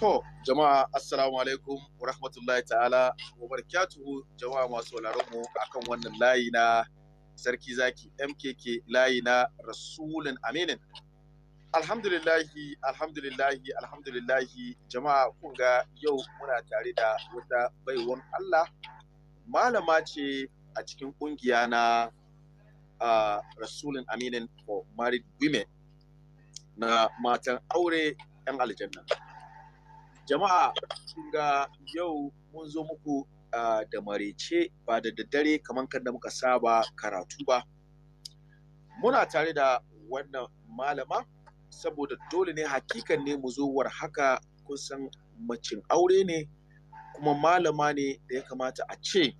To, jama'a assalamu alaikum wa rahmatullahi ta'ala wa barakatuhu jama'a masu mu akan wannan layi na sarki zaki MKK layi na rasulun aminin. Alhamdulillahi, alhamdulillahi, alhamdulillahi jama'a kun ga yau muna tare da wata baiwan Allah malama ce a cikin kungiya na uh, rasulun aminin for married women na matan aure 'yan aljanna. jama'a ga yau mun zo muku ah, da marece ba da daddare kamar da muka saba karatu ba muna tare da wannan malama saboda dole ne hakikan ne mu zo war haka kun san macin aure ne kuma malama ne da ya kamata a ce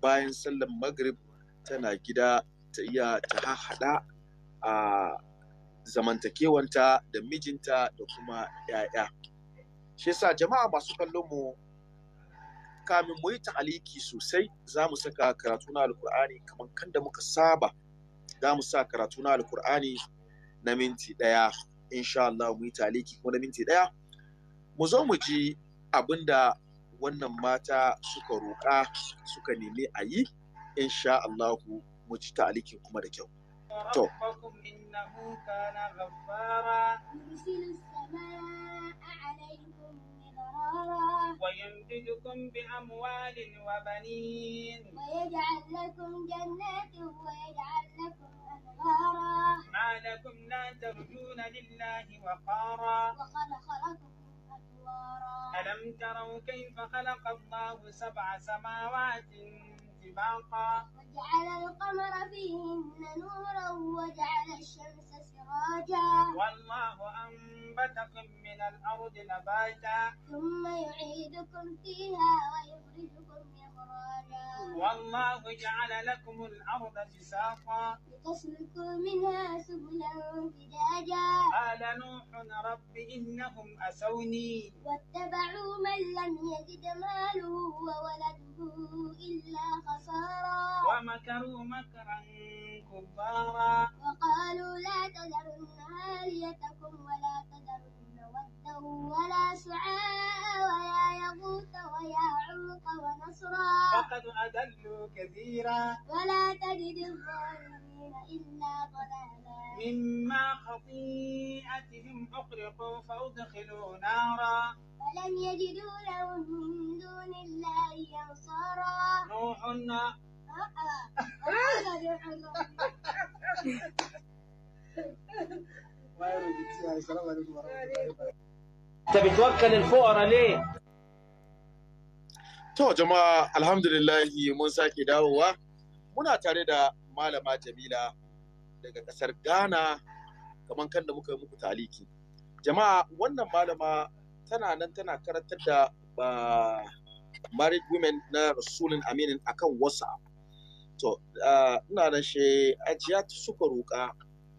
bayan sallan maghrib tana gida ta iya ta haɗa a zamantakewanta da mijinta da kuma 'ya'ya. shi yasa jama'a masu kallon mu kamin mu yi ta'aliki sosai za mu saka karatu na alkur'ani kamar kan da muka saba za mu sa karatu na alkur'ani na minti ɗaya insha Allah mu yi ta'aliki kuma na minti ɗaya mu zo mu ji abinda wannan mata suka roƙa suka nemi a yi insha Allah mu ji ta'aliki kuma da kyau to السماء ويمددكم بأموال وبنين ويجعل لكم جنات ويجعل لكم أنهارا ما لكم لا ترجون لله وقارا وخلقكم أطوارا ألم تروا كيف خلق الله سبع سماوات سباقا وجعل القمر فيهن نورا وجعل الشمس سراجا والله أنبتكم من الأرض نباتا ثم يعيدكم فيها ويخرجكم والله جعل لكم الأرض بساطا لتسلكوا منها سبلا فجاجا قال نوح رب إنهم أسوني واتبعوا من لم يجد ماله وولده إلا خسارا ومكروا مكرا كبارا وقالوا لا تذرن آليتكم ولا تذرن ودا ولا سعاء ويا يغوث ويا ويعوق ونصرا فقد أدلوا كثيرا ولا تجد الظالمين إلا ضلالا مما خطيئتهم أغرقوا فأدخلوا نارا فلم يجدوا لهم من دون الله أنصارا نوح to jama'a alhamdulillahi mun sake dawowa muna tare da malama Jamila daga kasar Ghana kamar kan muka yi muku taliki jama'a wannan malama tana nan tana karantar da married women na rasulun aminin akan whatsapp to ina da shi ajiya suka roka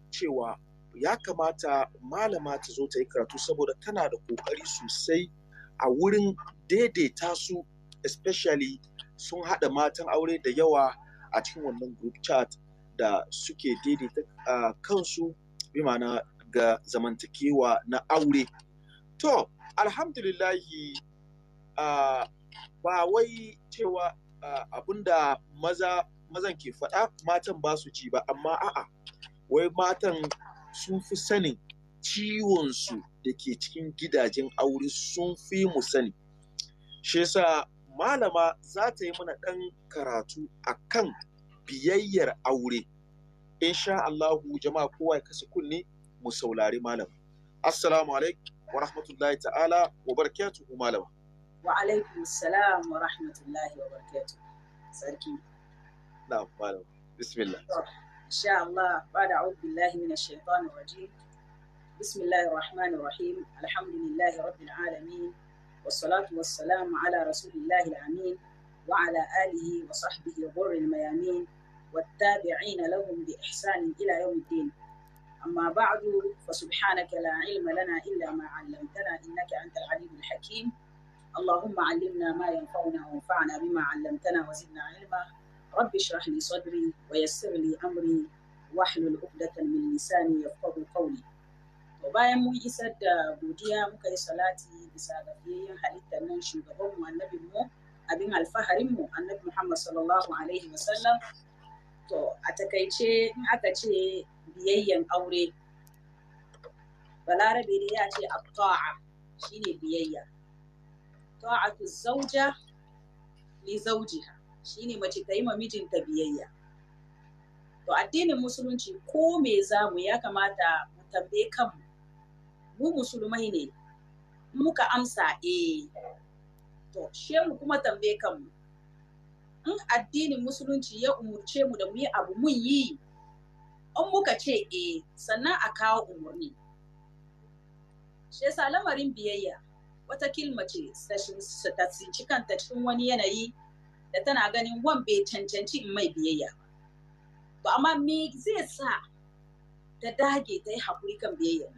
cewa ya kamata malama ta zo ta yi karatu saboda tana da kokari sosai a wurin daidaita su especially sun haɗa matan aure da yawa a cikin wannan group chat da suke daidaita uh, kansu bi ma'ana ga zamantakewa na aure to alhamdulillahi uh, ba wai cewa uh, abinda mazan ke faɗa matan ba su ji ba amma a'a wai matan sun fi sanin ciwonsu da ke cikin gidajen aure sun fi mu sani shi yasa malama za ta yi mana ɗan karatu a kan biyayyar aure insha Allahu jama'a kowa ya kasa kunne mu saulari malama assalamu alaikum wa rahmatullahi ta'ala wa barakatuhu malama wa alaikum salam wa rahmatullahi wa barakatuhu sarki na'am malama bismillah إن شاء الله بعد أعوذ بالله من الشيطان الرجيم بسم الله الرحمن الرحيم الحمد لله رب العالمين والصلاة والسلام على رسول الله الأمين وعلى آله وصحبه غر الميامين والتابعين لهم بإحسان إلى يوم الدين أما بعد فسبحانك لا علم لنا إلا ما علمتنا إنك أنت العليم الحكيم اللهم علمنا ما ينفعنا وانفعنا بما علمتنا وزدنا علما rabbi shrah li sadri wa yassir li amri wahlul uqdatan min lisani yafqahu qawli to bayan mun isar da godiya muka yi salati bisa ga fiyayyen halittar nan shugabanmu mu abin alfaharinmu mu annabi Muhammad sallallahu alaihi wa sallam to a takaice in aka ce biyayyen aure balarabe ne ya ce at-ta'a shine biyayya ta'atu zauja ni zaujiha shine mace ta yi ma mijinta biyayya to addinin musulunci ko me za mu ya kamata mu tambaye kanmu mu musulmai ne muka amsa eh to she mu kuma tambaye kanmu in addinin musulunci ya umurce mu da mu yi abu mun yi in muka ce eh sannan a kawo umarni shi lamarin biyayya wata kilma ce ta tsinci kanta cikin wani yanayi da tana ganin wan bai cancanci in mai biyayya ba to amma me zai sa ta dage ta yi haƙuri kan biyayya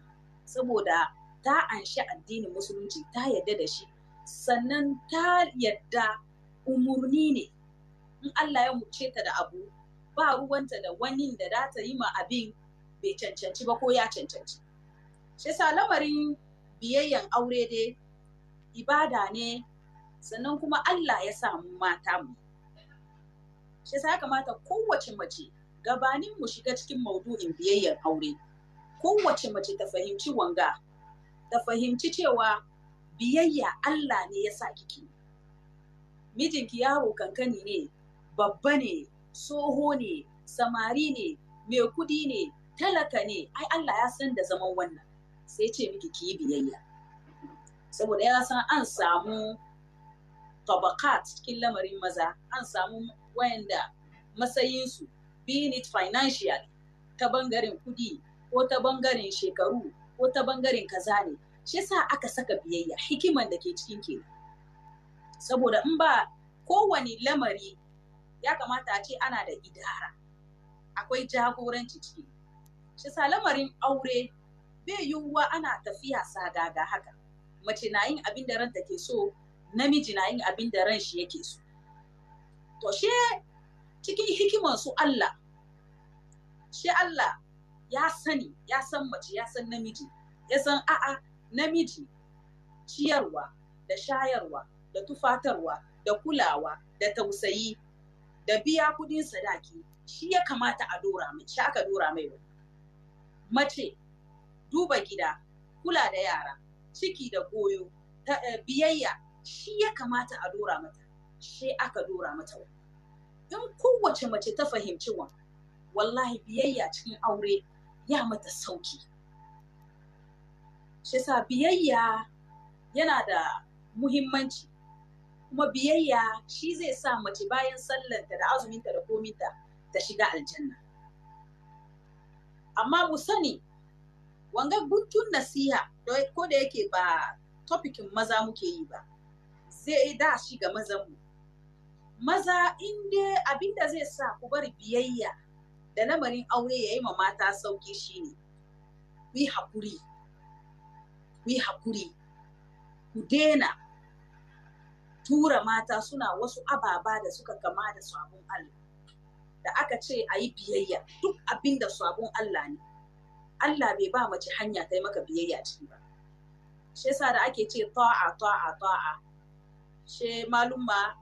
saboda ta anshi addinin musulunci ta yadda da shi sannan ta yadda umurni ne in Allah ya muce ta da abu ba ruwanta da wani da za ta yi ma abin bai cancanci ba ko ya cancanci shi sa lamarin biyayyan aure dai ibada ne sannan kuma Allah ya sa mu mata mu shi ya kamata kowace mace gabanin mu shiga cikin maudu'in biyayyar aure kowace mace ta fahimci wanga ta fahimci cewa biyayya Allah ne ya sa kiki mijinki yaro kankani ne babba ne soho ne samari ne mai kudi ne talaka ne ai Allah ya san da zaman wannan sai ce miki kiyi biyayya saboda ya san an samu tabakat cikin lamarin maza an samu wayanda matsayinsu being it financially ta bangaren kudi ko ta bangaren shekaru ko ta bangaren kaza ne shi yasa aka saka biyayya hikiman da ke cikin ke saboda in ba kowane lamari ya kamata a ce ana da idara akwai jagoranci ciki shi yasa lamarin aure bai yiwuwa ana tafiya ga haka mace na yin abin da ranta ke so namiji na yin abin da ran shi yake so to she cikin hikiman su Allah she Allah ya sani ya san mace ya san namiji ya san a'a namiji ciyarwa da shayarwa da tufatarwa da kulawa da tausayi da biya kudin sadaki shi ya kamata a dora mai shi aka dora mai wani mace duba gida kula da yara ciki da goyo eh, biyayya shi ya kamata a dora mata shi aka dora mata wa in kowace mace ta fahimci wa wallahi biyayya cikin aure ya mata sauki shi sa biyayya yana da muhimmanci kuma biyayya shi zai sa mace bayan sallanta da azuminta da kominta ta shiga aljanna amma mu sani wanga guntun nasiha ko da yake ba topikin maza muke yi ba zai da shi ga maza mu. maza in abinda zai sa ku bar biyayya da namarin aure ya yi ma mata sauki shine ku yi haƙuri ku yi haƙuri ku dena tura mata suna wasu ababa da suka kama da sabon Allah da aka ce ayi biyayya duk abin sabon Allah ne Allah bai ba mace hanya kai maka biyayya ciki ba shi yasa da ake ce ta'a ta'a ta'a she malumma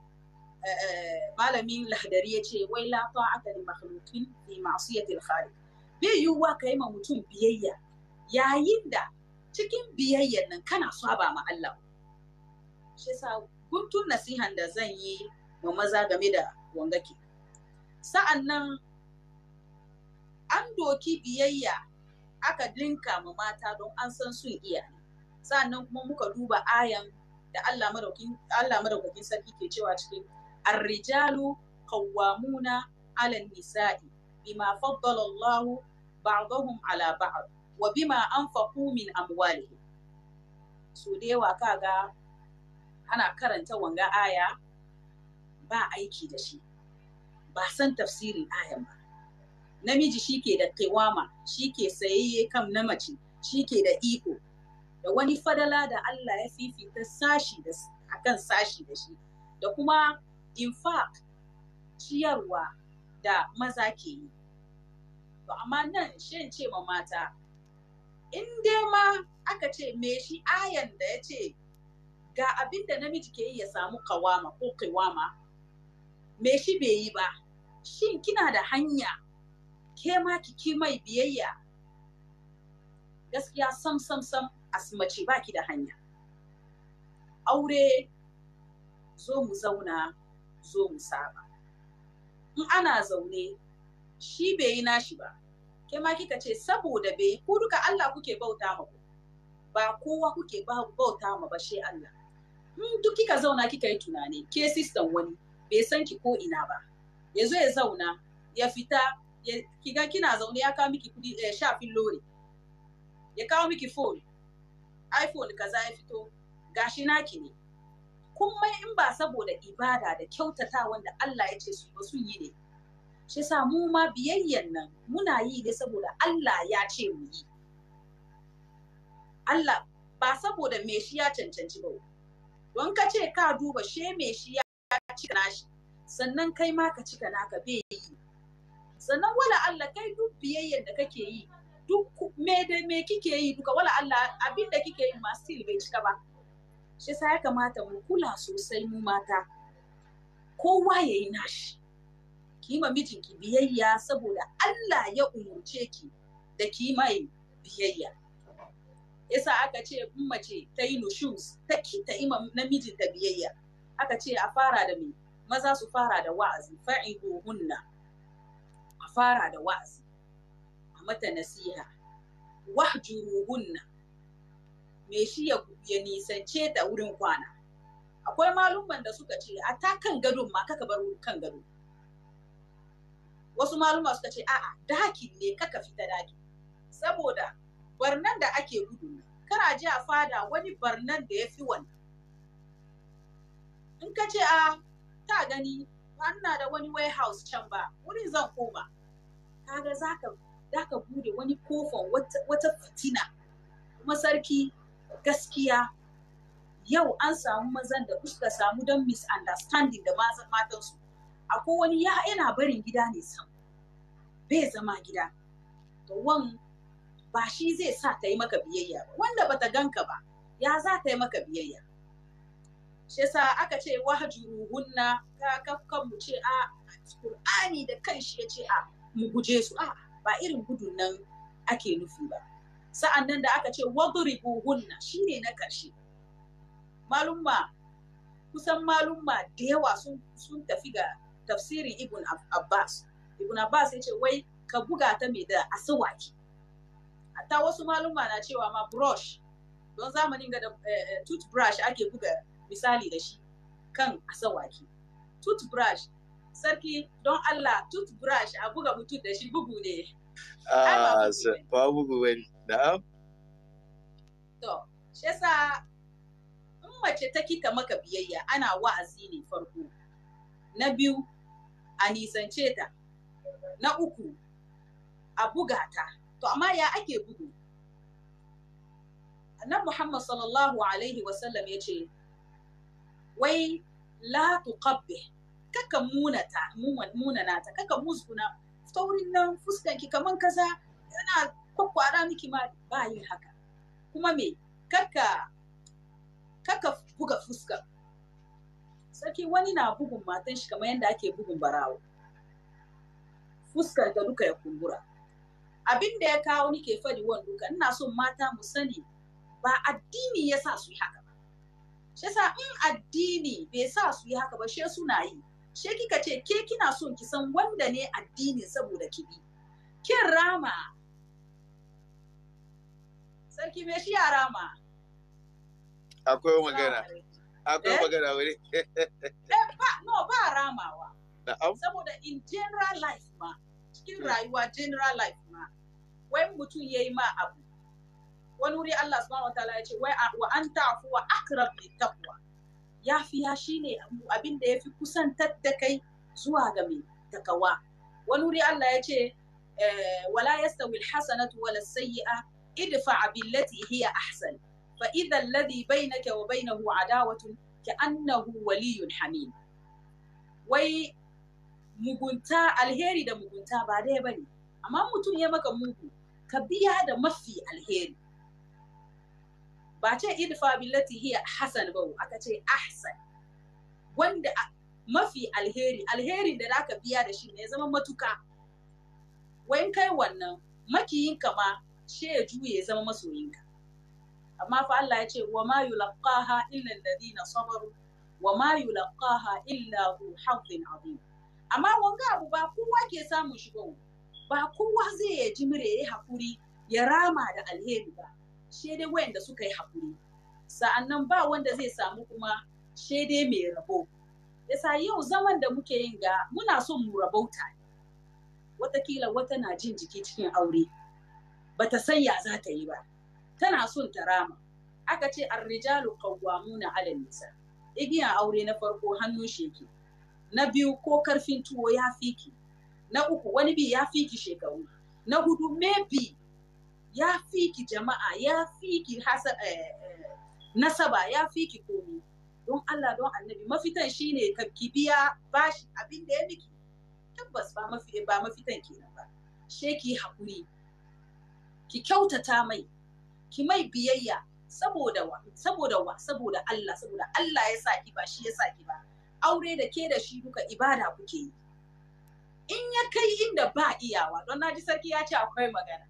eh, eh, malamin lahdari ya ce wai la ta'ata li makhluqin fi ma'siyati khaliq bai yiwuwa yi ma mutum biyayya yayin da cikin biyayyan nan kana saba ma Allah shi sa guntun nasihan da zan yi ma maza game da wangake sa'an nan an doki biyayya aka dinka ma mata don an san sun iya sa'an nan kuma muka duba ayan da Allah maraukakin sarki ke cewa cikin Arrijalu Kawamuna qawwamuna 'ala nisai bima faddala Allah ba'dahum 'ala ba'd wa bima anfaqu min amwalihim so da yawa kaga ana karanta wanga aya ba aiki da shi ba san tafsirin ayan ba namiji shi ke da kiwama, shi ke sayayye kam na mace shi ke da iko da wani fadala da Allah ya fifita sashi da akan sashi da shi da kuma in fact ciyarwa da maza ke yi to amma nan shin ce ma mata in dai ma aka ce me shi ayan da ya ce ga abin da namiji ke yi ya samu kawama ko kawama me shi bai yi ba shin kina da hanya ke ma ki mai biyayya gaskiya sam sam sam asmace baki da hanya aure zo mu zauna zo mu saba in ana zaune shi bai yi nashi ba ke ma kika ce saboda bai ku duka Allah kuke bauta ma ba kowa kuke bauta ma ba shi Allah in duk kika zauna kika yi tunani ke sister wani bai san ki ko ina ba ya zo ya zauna ya fita ya kiga kina zaune ya kawo miki kudi eh, shafin lori ya kawo miki phone iphone kaza ya fito ga gashi naki ne kuma in ba saboda ibada da kyautata wanda Allah ya ce su ba sun yi ne shi sa mu ma biyayyan nan muna yi ne saboda Allah ya ce mu yi Allah ba saboda me shi ya cancanci ba don ka ce ka duba she me shi ya cika nashi sannan kai ma ka cika naka bai yi sannan wala Allah kai duk biyayyan da kake yi duk me da me kike yi duka wala Allah abin da kike yi ma still bai cika ba shi sa ya kamata mu kula sosai mu mata kowa yayi nashi ki ma mijinki biyayya saboda Allah ya umurce ki da ki mai biyayya yasa aka ce in mace ta yi nushus ta ki ta ima namijinta biyayya aka ce a fara da me maza su fara da wa'azi fa'iduhunna a fara da wa'azi mata nasiha wahjuruhunna me shi ya ya nisance ta wurin kwana akwai malumman da suka ce a ta kan gadon ma kaka bar kan gado wasu maluma suka ce a'a dakin ne kaka fita daki saboda barnan da ake gudu kana ji a fada wani barnan da ya fi wannan in ka ce a ta gani ba ina da wani warehouse can ba wurin zan koma kaga zaka Za ka bude wani kofan wata fitina kuma sarki gaskiya yau an samu mazan da suka samu don misunderstanding da mazan matansu akwai wani ya yana barin gida ne sam bai zama gida to wan ba shi zai sa ta yi maka biyayya ba wanda bata ganka ba ya za ta yi maka biyayya shi yasa aka ce wahjuruhunna ka kafkan mu ce a Qur'ani da kanshi ya ce a mu guje su a ba irin gudun nan ake nufi ba sa'an nan da aka ce wadribu hunna shine na ƙarshe. malumma kusan malumma da yawa sun tafi ga tafsirin ibn abbas ibn abbas ya ce wai ka buga ta mai da asawaki hatta wasu malumma na cewa ma brush don zamanin ga da eh, eh, toothbrush ake buga misali da shi kan asawaki toothbrush sarki don Allah toothbrush a buga mutum da shi bugu ne. Ah, ba bugu wani, na'am? To, shi yasa in mace ta kita maka biyayya ana wa'azi ne farko. Na biyu, a nisance ta. Na uku, a buga ta. To, amma ya ake bugu? Annabi Muhammad sallallahu Alaihi wasallam ya ce, wai la tuqabbih kaka munata munana ta kaka musguna taurin nan fuskan ki kaman kaza yana kwakwara miki ma ba yi haka kuma me kaka kaka buga fuska sarki wani na bugun matan shi kamar yadda ake bugun barawo fuskar da duka ya kumbura abin da ya kawo nike fadi wan duka ina so mata mu sani ba addini ya sa su yi haka ba shi yasa in addini bai sa su yi haka ba she suna yi she kika ce ke kina son ki san wanda ne addinin saboda ki bi kin rama sarki me shi ya rama akwai magana akwai eh? magana wuri eh, ba no ba ramawa saboda in general life ma cikin hmm. rayuwa general life ma wai mutum yayi ma abu wani wuri Allah subhanahu wataala ya ce wai wa anta afuwa akrab littaqwa yafiya shine abin da yafi kusantar da kai zuwa ga mai kawa. wani wuri Allah ya ce eh, wala yastawi alhasanatu wala sayyi'a idfa billati hiya ahsan fa idha alladhi bainaka wa bainahu adawatun annahu waliyyun hamim wai mugunta alheri da mugunta ba dai bane amma mutum ya maka mugu ka biya da mafi alheri ba ce idfa billati hiya hasan ba aka ce ahsan wanda mafi alheri alherin da zaka biya da shi ne zama matuka wayan kai wannan makiyinka ma she ya juye zama masoyinka amma fa Allah ya ce wa ma yulqaha illa alladhina sabaru wa ma yulqaha illa hu hazzin azim amma wanga abu ba kowa ke samun shi ba ba kowa zai ya ji mure hakuri ya rama da alheri ba shede wayanda suka yi hakuri sa'annan ba wanda zai samu kuma shede mai rabo yasa yau zaman da muke yin ga muna so mu rabauta ne watakila wata na jin jiki cikin aure bata san ya za ta yi ba tana son ta rama aka ce arrijalu qawwamuna 'ala nisa igiya aure na farko hannun sheki na biyu ko karfin tuwo ya fiki na uku wani bi ya fiki shekaru na hudu maybe ya fi ki jama'a ya fi ki hasa eh, eh, nasaba ya fi ki komi don Allah don annabi mafitan shine ka ki biya bashi abin da ya miki tabbas ba mafi ba mafitan kenan ba she ki hakuri ki kyautata mai ki mai biyayya saboda wa saboda wa saboda Allah saboda Allah ya sa ki ba shi ya sa ki ba aure da ke da shi duka ibada kuke yi in ya kai inda ba iyawa don naji sarki ya ce akwai magana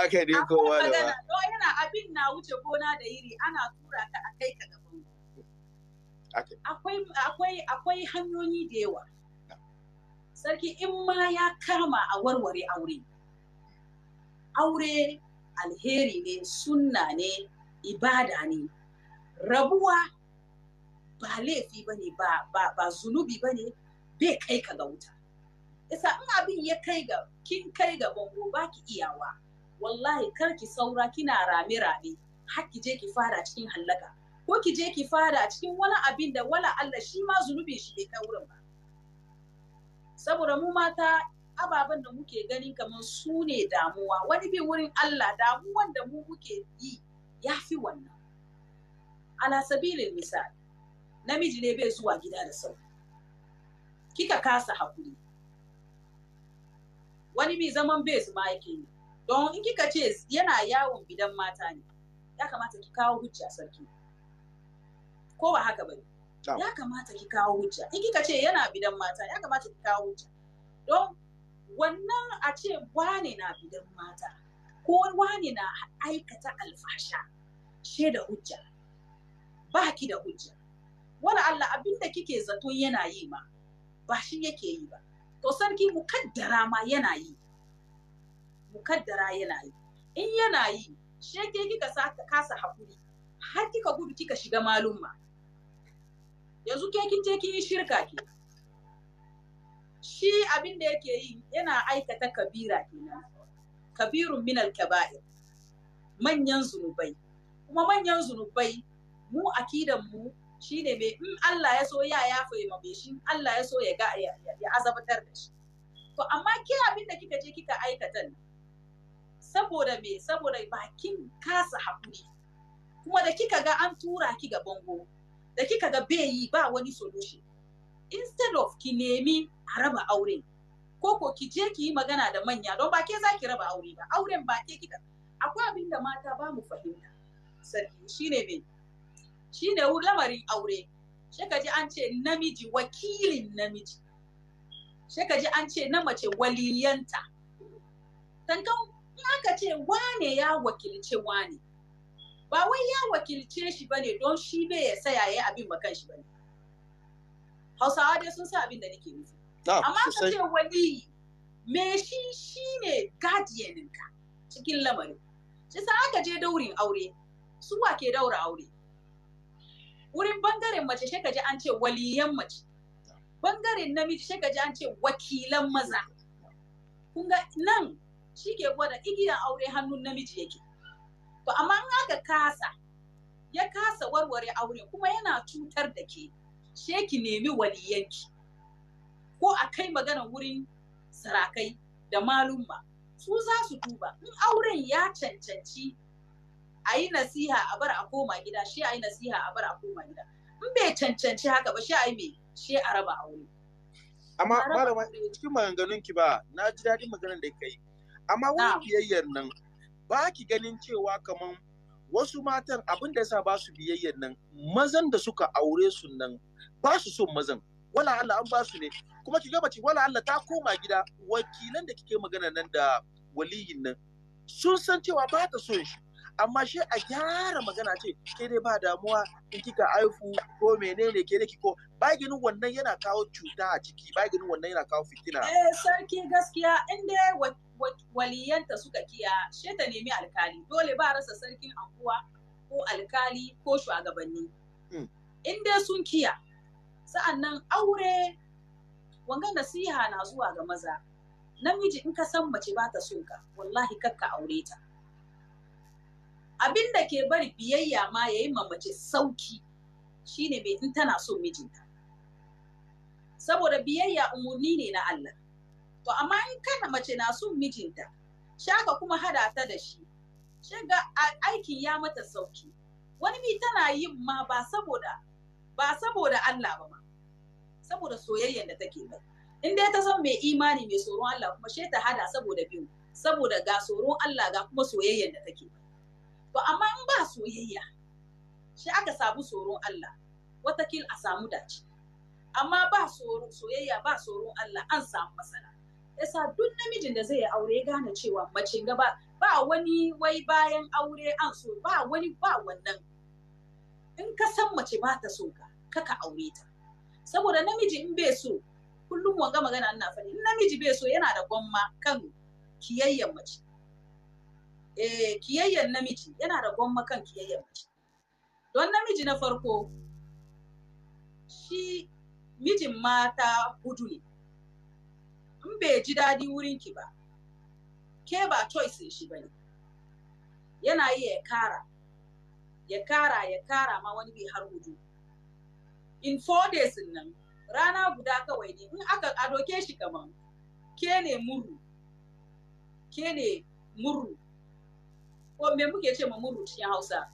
Aka ne kowa da ba. yana abin na wuce gona da yiri ana tura ka a kai ka gaban. Akwai hanyoyi da yawa. Sarki in ma ya kama a warware aure. Aure alheri ne, sunna ne, ibada ne. Rabuwa ba laifi ba ne, ba zunubi ba ne, bai kai ka ga wuta. isa in abin ya kai ga kin kai ga bango ba ki iyawa wallahi kar ki saura kina rame rame har ki je ki fara cikin hallaka ko ki je ki fara cikin wani abin da wala Allah shi ma zunubin shi bai kai wurin ba saboda mu mata ababen da muke gani kamar su ne damuwa wani bi wurin Allah damuwan da mu muke yi ya fi wannan ala sabilin misali namiji ne bai zuwa gida da sau kika kasa hakuri wani mai zaman base ma yake yi don in kika ce yana yawon gidan mata ne ya kamata ki kawo hujja sarki ko ba haka bane ya kamata ki kawo hujja in kika ce yana bidan mata ya kamata ki kawo hujja don wannan a ce wane na bidan mata ko wane na aikata alfasha she da hujja ba ki da hujja wani Allah abinda kike zato yana yi ma ba shi yake yi ba to sarki mukaddara ma yana yi mukaddara yana yi in yana yi sheke kika kasa hakuri har kika gudu kika shiga malumma yanzu ke kin je kin yi shirka ke shi abin da yake yi yana aikata kabira kenan kabirun minal kaba'ir manyan zunubai kuma manyan zunubai mu akidan mu shi ne mai in Allah ya so ya ya ma mai shi Allah ya so ya ga ya azabtar da shi to amma ke abin da kika je kika aikata saboda me saboda bakin kasa hakuri kuma da kika ga an tura ki ga bango da kika ga bai yi ba wani solution instead of ki nemi a raba aure, ko ko ki je ki yi magana da manya don ba ke zaki raba aure ba auren ba ke kika akwai abin da mata ba mu fahimta sarki shine me shine lamarin aure sai ka ji an ce namiji wakilin namiji sai ka ji an ce na mace waliyanta tankan in aka ce wane ya wakilce wane ba wai ya wakilce shi bane don shi bai ya saya ya abin ba kan shi bane hausawa dai sun sa abin da nake nufi ah, amma ka ce wali me shi shine ka cikin lamarin shi sa aka je daurin aure su wa ke daura aure wurin bangaren mace sai gaji an ce waliyan mace bangaren namiji sai gaji an ce wakilan maza kun ga nan shi ke gwada igiyan aure hannun namiji yake to amma in aka kasa ya kasa warware aure kuma yana cutar da ke she ki nemi waliyanki ko a kai magana wurin sarakai da malumma su za su duba in auren ya cancanci a yi nasiha a bar a koma gida shi a yi nasiha a bar a koma gida in bai cancanci haka ba shi a yi mai shi a raba aure amma malama cikin maganganun ki ba na ji daɗin maganar da kai amma wani biyayyar nan ba ki ganin cewa kaman wasu matan abin da yasa ba su biyayyar nan mazan da suka aure su nan ba su son mazan wala Allah an ba su ne kuma ki mace wala Allah ta koma gida wakilan da kike magana nan da waliyin nan sun san cewa ba ta son shi amma shi a gyara magana ce ke dai ba damuwa in kika aifu ko menene ke da ko baginin wannan yana kawo cuta a ciki baginin wannan yana kawo fitina eh sarki gaskiya inda waliyanta suka kiya she ta nemi alkali dole ba rasa sarkin anguwa ko alkali ko shugabanni hmm. in dai sun kiya sa'annan aure wanga nasiha na zuwa ga maza namiji in ka san mace ba ta so ka wallahi kakka aure ta abin da ke bari biyayya ma ya yi mace sauki shine mai in tana so mijinta saboda biyayya umarni ne na Allah to amma in kana mace na son mijinta shaka kuma hada ta da shi shiga aikin ya mata sauki wani bi tana yin ma ba saboda ba saboda Allah ba ma saboda soyayyar da take ba in dai ta san mai imani mai tsoron Allah kuma she ta hada saboda biyu saboda ga tsoron Allah ga kuma soyayyar da take ba to amma in ba soyayya shi aka samu tsoron Allah watakil a samu dace amma ba soyayya ba tsoron Allah an samu matsala yasa duk namijin da zai yi aure ya gane cewa mace gaba ba wani wai bayan aure an so ba wani ba wannan in ka san mace ba ta so ka kaka aure ta saboda namiji in bai so kullum wanga magana ina faɗi in namiji bai so yana da gwamma kan kiyayyen mace eh kiyayyen namiji yana da gwamma kan kiyayyar mace don namiji na farko shi mijin mata hudu ne in bai ji daɗi ki ba ke ba choice shi ba ne yana yi ya kara ya kara ya kara ma wani bai har hudu in four days nan rana guda kawai ne in aka adoke shi kaman ke ne murru ke ne murru ko me muke ce ma muru cikin Hausa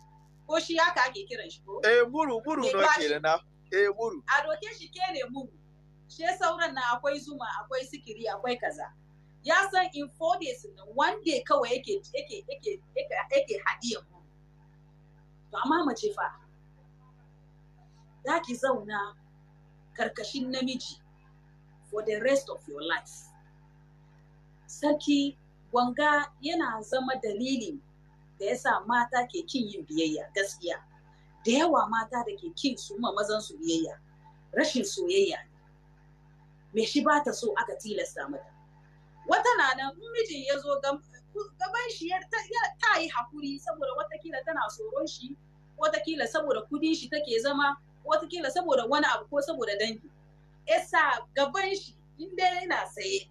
ko shi haka ake kiran shi ko eh muru muru no kenan na eh muru a doke shi ke ne muru she sauran na akwai zuma akwai sikiri akwai kaza ya san in four days na one day kawai yake yake yake yake hadiyan mu to amma mace fa za ki zauna karkashin namiji for the rest of your life sarki wanga yana zama dalilin da ya sa mata ke kin yin biyayya gaskiya da yawa mata da ke kin su ma mazan su biyayya rashin soyayya ne me shi ba ta so aka tilasta mata wata na nan mijin ya zo gaban shi ta yi hakuri saboda watakila tana tsoron shi watakila saboda kudin shi take zama watakila saboda wani abu ko saboda dangi sa gaban shi in dai yana saye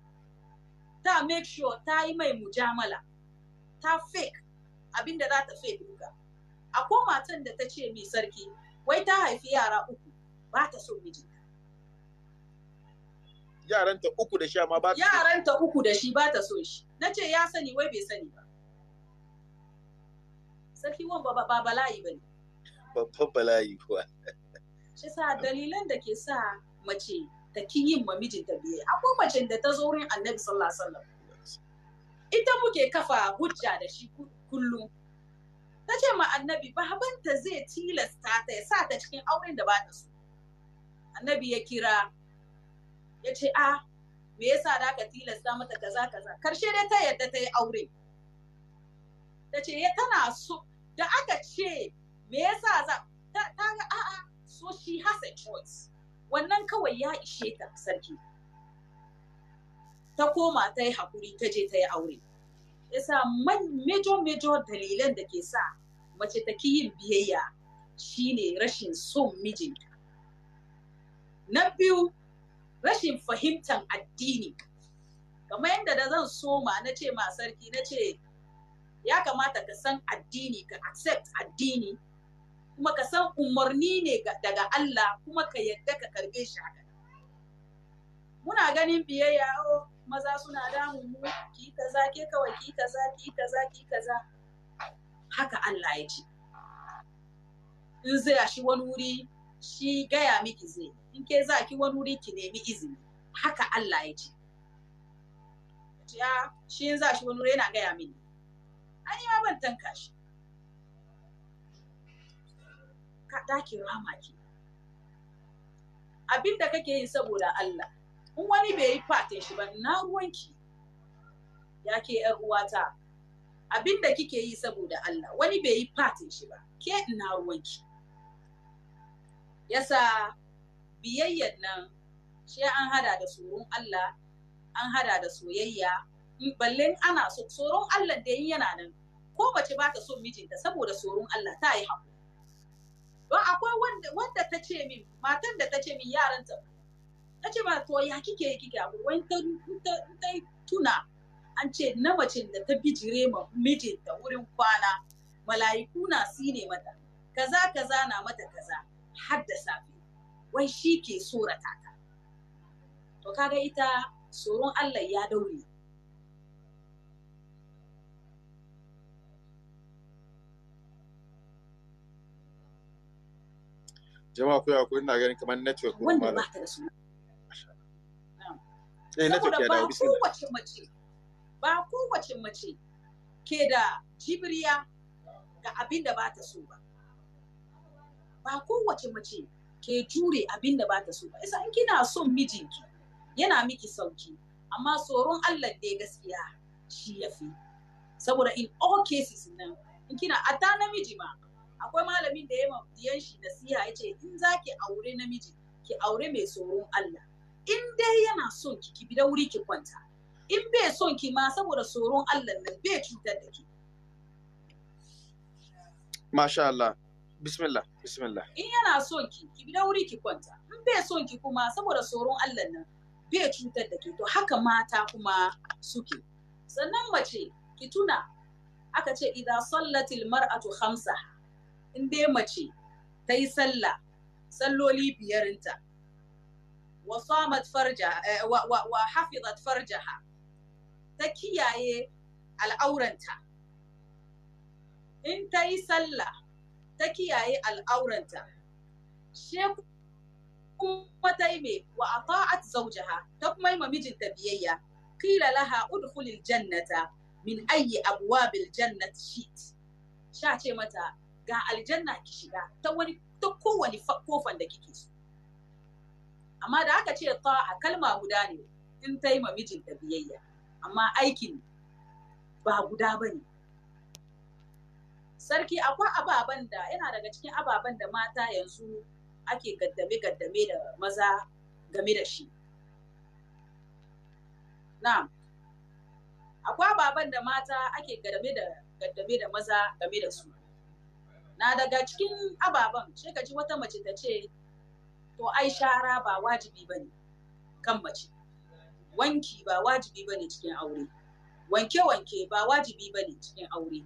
ta make sure ta yi mai mujamala ta fake abin da za ta fe duka akwai matan da ta ce mai sarki wai ta haifi yara uku ba ta son miji yaranta uku da shi amma ba ta yaranta uku da shi ba ta son shi na ce ya sani wai bai sani ba sarki wan ba ba bala'i ba ne babban bala'i kuwa shi sa dalilan da ke sa mace ta kin yin ma mijinta biye akwai mace da ta zo wurin annabi sallallahu alaihi wasallam ita muke kafa hujja da shi kullum ta ce ma annabi babanta zai tilasta ta ya sa ta cikin auren da ba ta so annabi ya kira ya ce a ah, me yasa da ka tilasta mata kaza kaza karshe dai ta yadda ta yi aure ta ce ya eh, tana so da aka ce me yasa za ta ga a'a so she has a choice wannan kawai ya ishe ta sarki ta koma ta yi hakuri ta je ta yi aure yasa major major dalilan da ke sa mace ta ki yin biyayya shine rashin son mijinta na biyu rashin fahimtar addini kamar yadda da zan soma na ce ma sarki na ce ya kamata ka san addini ka accept addini kuma ka san umarni ne daga Allah kuma ka yadda ka karbe shi haka muna ganin biyayya oh, maza suna damun mu ki kaza ke kawai ki kaza ki kaza ki kaza haka Allah ya ce in zai shi wani wuri shi gaya miki zai in ke za ki wani wuri ki nemi izini haka Allah ya ce ya ah, shi in za shi wani wuri yana gaya mini an yi ban tanka shi ka daki rama ki abin da kake yi saboda Allah in wani bai yi fatin shi ba na ruwanki ya ke yar uwata abin da kike yi saboda Allah wani bai yi fatin shi ba ke ina ruwanki yasa biyayyan nan shi an hada da tsoron Allah an hada da soyayya balle ana so tsoron Allah da yana nan ko mace ba ta son mijinta saboda tsoron Allah ta yi haƙuri don akwai wanda ta ce min matan da ta ce min yaranta na ce ba to ya kike kike abu wani ta tuna an ce na mace da ta bijire ma mijinta wurin kwana mala'iku na sine mata kaza kaza na mata kaza har da safe wai shi ke tsorata ta to kaga ita tsoron Allah ya daure jama'a kuya ku ina ganin kamar network wanda ba ta da suna Eh, saboda ba kowace mace ba kowace mace ke da jibriya ga abin da ba ta so ba ba kowace mace ke jure abin da ba ta so ba isa in kina son mijinki yana miki sauki amma tsoron Allah dai gaskiya shi ya fi saboda in all cases nan in kina ata namiji ma akwai malamin da ya diyan shi nasiha ya ce in zaki aure namiji ki aure mai tsoron Allah in dai yana son ki ki bi da wuri ki kwanta in bai son ki ma saboda tsoron Allah nan bai cutar da ki Masha Allah bismillah bismillah in yana son ki ki bi da wuri ki kwanta in bai son ki kuma saboda tsoron Allah nan bai cutar da ke to haka mata kuma suke sannan mace ki tuna aka ce idza sallatil mar'atu khamsa in dai mace ta yi sallah salloli biyarinta وصامت فرجها وحفظت فرجها تكياي al'auranta in ta yi sallah ta kiyaye al'auranta she kuma ta yi mai wa ata'at zaujaha ta kuma yi mijinta biyayya kila laha udkhulil jannata min ayyi abwabil jannat shit sha ce mata ga aljanna ki shiga ta wani ta kowane kofan da kike so amma da aka ce ta'a kalma guda ne in ta yi mamijin mijinta biyayya amma aikin ba guda ba ne sarki akwai ababen da yana daga cikin ababen da mata yanzu ake gaddame-gaddame da maza game da shi na'am akwai ababen da mata ake gaddame da gaddame da maza game da su na daga cikin ababen sai ka ji wata mace ta ce to ai shara ba wajibi ba ne kan mace wanki ba wajibi ba ne cikin aure wanke-wanke ba wajibi ba ne cikin aure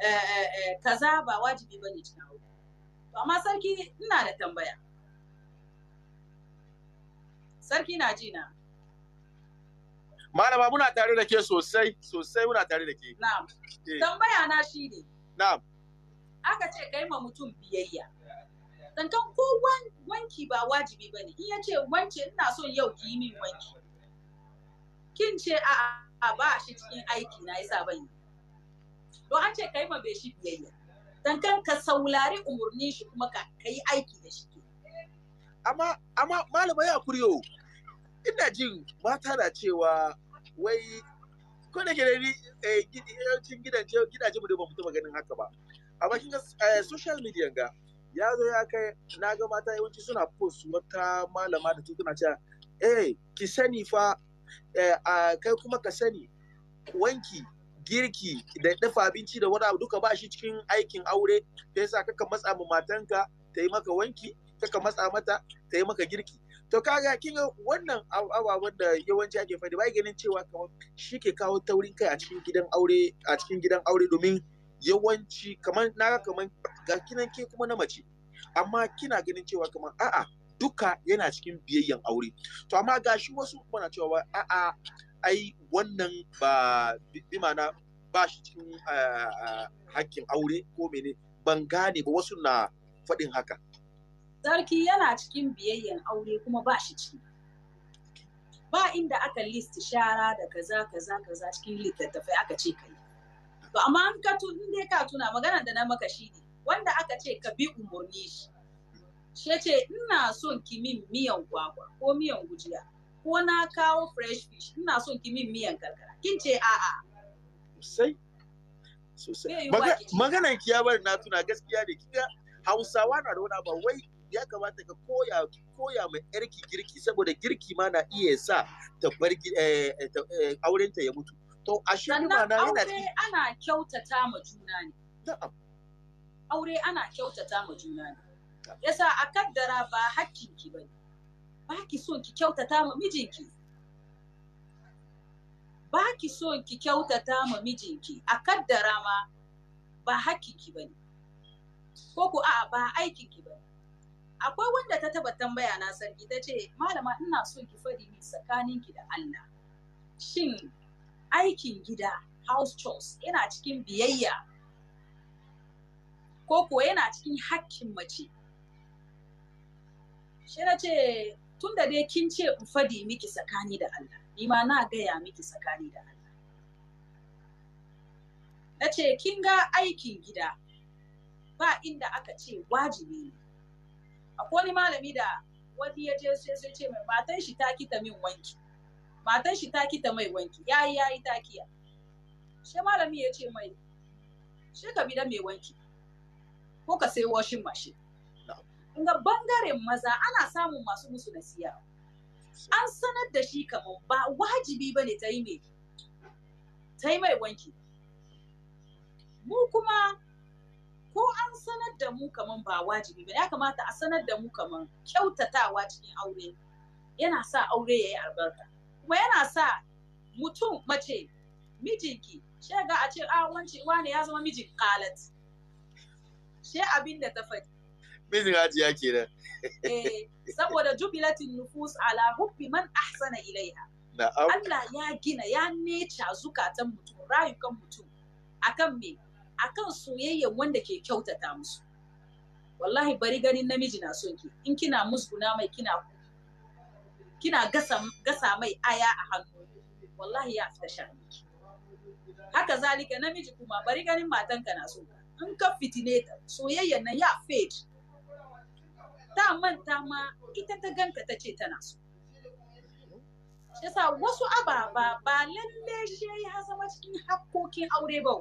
eh, eh, eh, kaza ba wajibi ba ne cikin aure to amma sarki ina da tambaya sarki na ji na malama muna tare da ke sosai sosai muna tare da ke na'am tambaya na shi ne na'am aka ce kai ma mutum biyayya dankan ko wanki ba wajibi bane in ya ce wance ina son yau ki yi min wanki kin ce a a ba shi cikin aiki na yasa ban yi don an ce kai ma bai shi biyayya dankan ka saulari umurnin shi kuma ka kai aiki da shi amma amma malama ya kuriyo ina jin mata na cewa wai ko da eh, eh, gidan yawancin gidaje gidaje mu da ba mu taɓa ganin haka ba A kin ga eh, social media ga ya zo ya kai na ga mata yawanci suna post wata malama da tutuna cewa eh ki sani fa eh, a kai kuma ka sani wanki girki da dafa abinci da wani abu duka ba shi cikin aikin aure ta yasa kaka matsa ma matanka ta yi maka wanki kaka matsa mata ta yi maka girki to kaga kin ga wannan ababen da yawanci ake faɗi ba ganin cewa kamar shi ke kawo taurin kai a cikin gidan aure a cikin gidan aure domin yawanci kamar na kamar ga kinan ke kuma na mace amma kina ganin cewa kamar a'a duka yana cikin biyayyan aure to amma ga shi wasu kuma na cewa a'a ai wannan ba bi ma'ana ba shi cikin eh, eh, hakkin aure ko mene ban gane ba wasu na faɗin haka sarki yana cikin biyayyan aure kuma ba shi ciki ba inda aka list shara da kaza kaza kaza cikin littattafai aka ce kai to amma an ka tun dai ka tuna maganar da na maka shi ne wanda aka ce ka bi umarni shi shi ce ina son ki min miyan kwakwa ko miyan gujiya ko na kawo fresh fish ina son ki min miyan karkara kin ce a'a sosai sosai maganar ki ya bari na tuna gaskiya ne kiga Hausawa na da wani wai ya kamata ka koya koya mai yarki girki saboda girki ma na iya sa ta eh, eh, eh, aurenta ya mutu To a shi yana aure ana kyautata ma juna ne. Aure ana kyautata ma juna ne. Yasa a kaddara ba hakkin ki bane. Ba ki son ki kyautata ma mijinki. Ba ki son ki kyautata ma mijinki a kaddara ma ba hakkin ki bane. Ko ku a'a ba aikin ki bane. Akwai wanda ta taba tambaya na sarki ta ce malama ina son ki fadi ni tsakaninki da Allah. Shin aikin gida house chores yana cikin biyayya ko ko yana cikin hakkin mace shi na ce tun da dai kin ce in fadi miki tsakani da Allah ni ma na gaya miki tsakani da Allah na ce kin ga aikin gida ba inda aka ce wajibi ne akwai malami da wani ya je sai ce mai matan shi ta kita min wanki matan shi ta kita mai wanki yayi yayi ta kiya shi malami ya ce mai shi ka bi da mai wanki ko ka sai washing machine ga bangaren maza ana samun masu musu nasiya an sanar da shi kamar ba wajibi ba ne ta yi mai ta yi mai wanki mu kuma ko an sanar da mu kamar ba wajibi ba ya kamata a sanar da mu kamar kyautatawa cikin aure yana sa aure ya yi albarka kuma yana sa mutum mace mijinki she ga a ce a ah, wanci wane ya zama mijin kalat she abin da ta faɗi mijin ajiya kenan eh saboda jubilatin nufus ala hubbi man ahsana ilaiha Allah ya gina ya neca zukatan mutum rayukan mutum akan me akan soyayyen wanda ke kyautata musu wallahi bari ganin namiji na son ki in kina musu musguna mai kina kina gasa mai aya a hannu wallahi ya fita shan haka zalika namiji kuma bari ganin matanka na so in ka fitine ta nan ya fade ta manta ma ita ta ganka ta ce tana so yasa wasu ababa ba lalle shi ya zama cikin hakkokin aure ba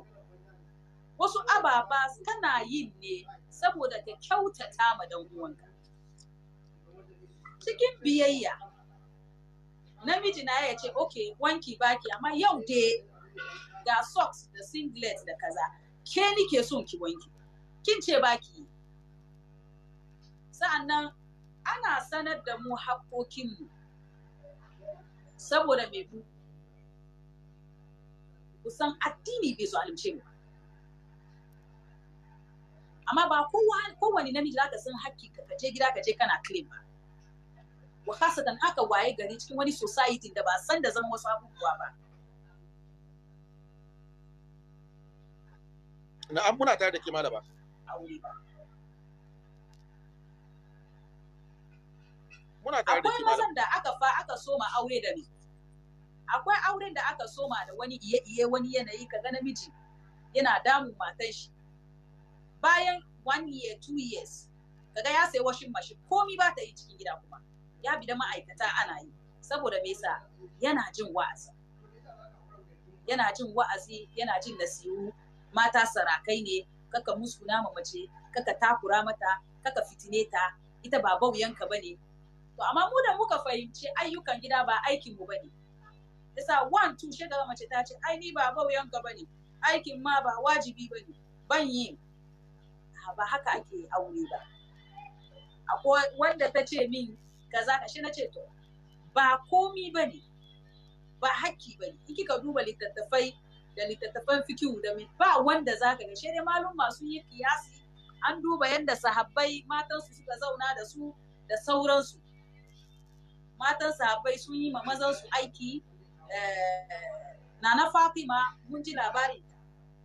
wasu ababa kana yin ne saboda ta kyautata ma dan uwanka cikin biyayya namiji na ya ce ok wanki baki amma yau dai ga socks da singlet da kaza ke ni ke son ki wanki kin ce baki sa'annan ana sanar da mu haƙoƙinmu saboda mai bu kusan addini bai alimce mu amma ba kowa kowane namiji zaka san hakki ka je gida ka je kana claim ba wa khasatan aka waye gari cikin wani society da ba san da zan wasu abubuwa ba na an muna tare da ke malaba. muna tare da ke akwai mazan da aka fa aka soma aure da ni akwai auren da aka soma da wani iye-iye wani yanayi ka ga namiji yana damun matan shi bayan one year two years kaga ya sayi washing machine komi ba ta yi cikin gida kuma ya bi da ma'aikata ana yi saboda me yasa yana jin wa'azi yana jin wa'azi yana jin nasihu mata sarakai ne kaka musu ma mace kaka takura mata kaka fitine ta ita ba bauyanka bane to amma mu da muka fahimci ayyukan gida ba aikin mu bane yasa one two shi mace ta ce ai ni ba bauyanka bane aikin ma ba wajibi bane ban yi ba haka ake aure ba akwai wanda ta ce min kaza ka shi na ce to ba komi ba ne ba hakki ba ne kika duba littattafai da littattafan fikihu da ba wanda za ka ga shi dai malum masu yi kiyasi an duba yadda sahabbai matansu suka zauna da su da sauransu matan sahabbai sun yi ma su aiki eh, nana fatima mun ji labarin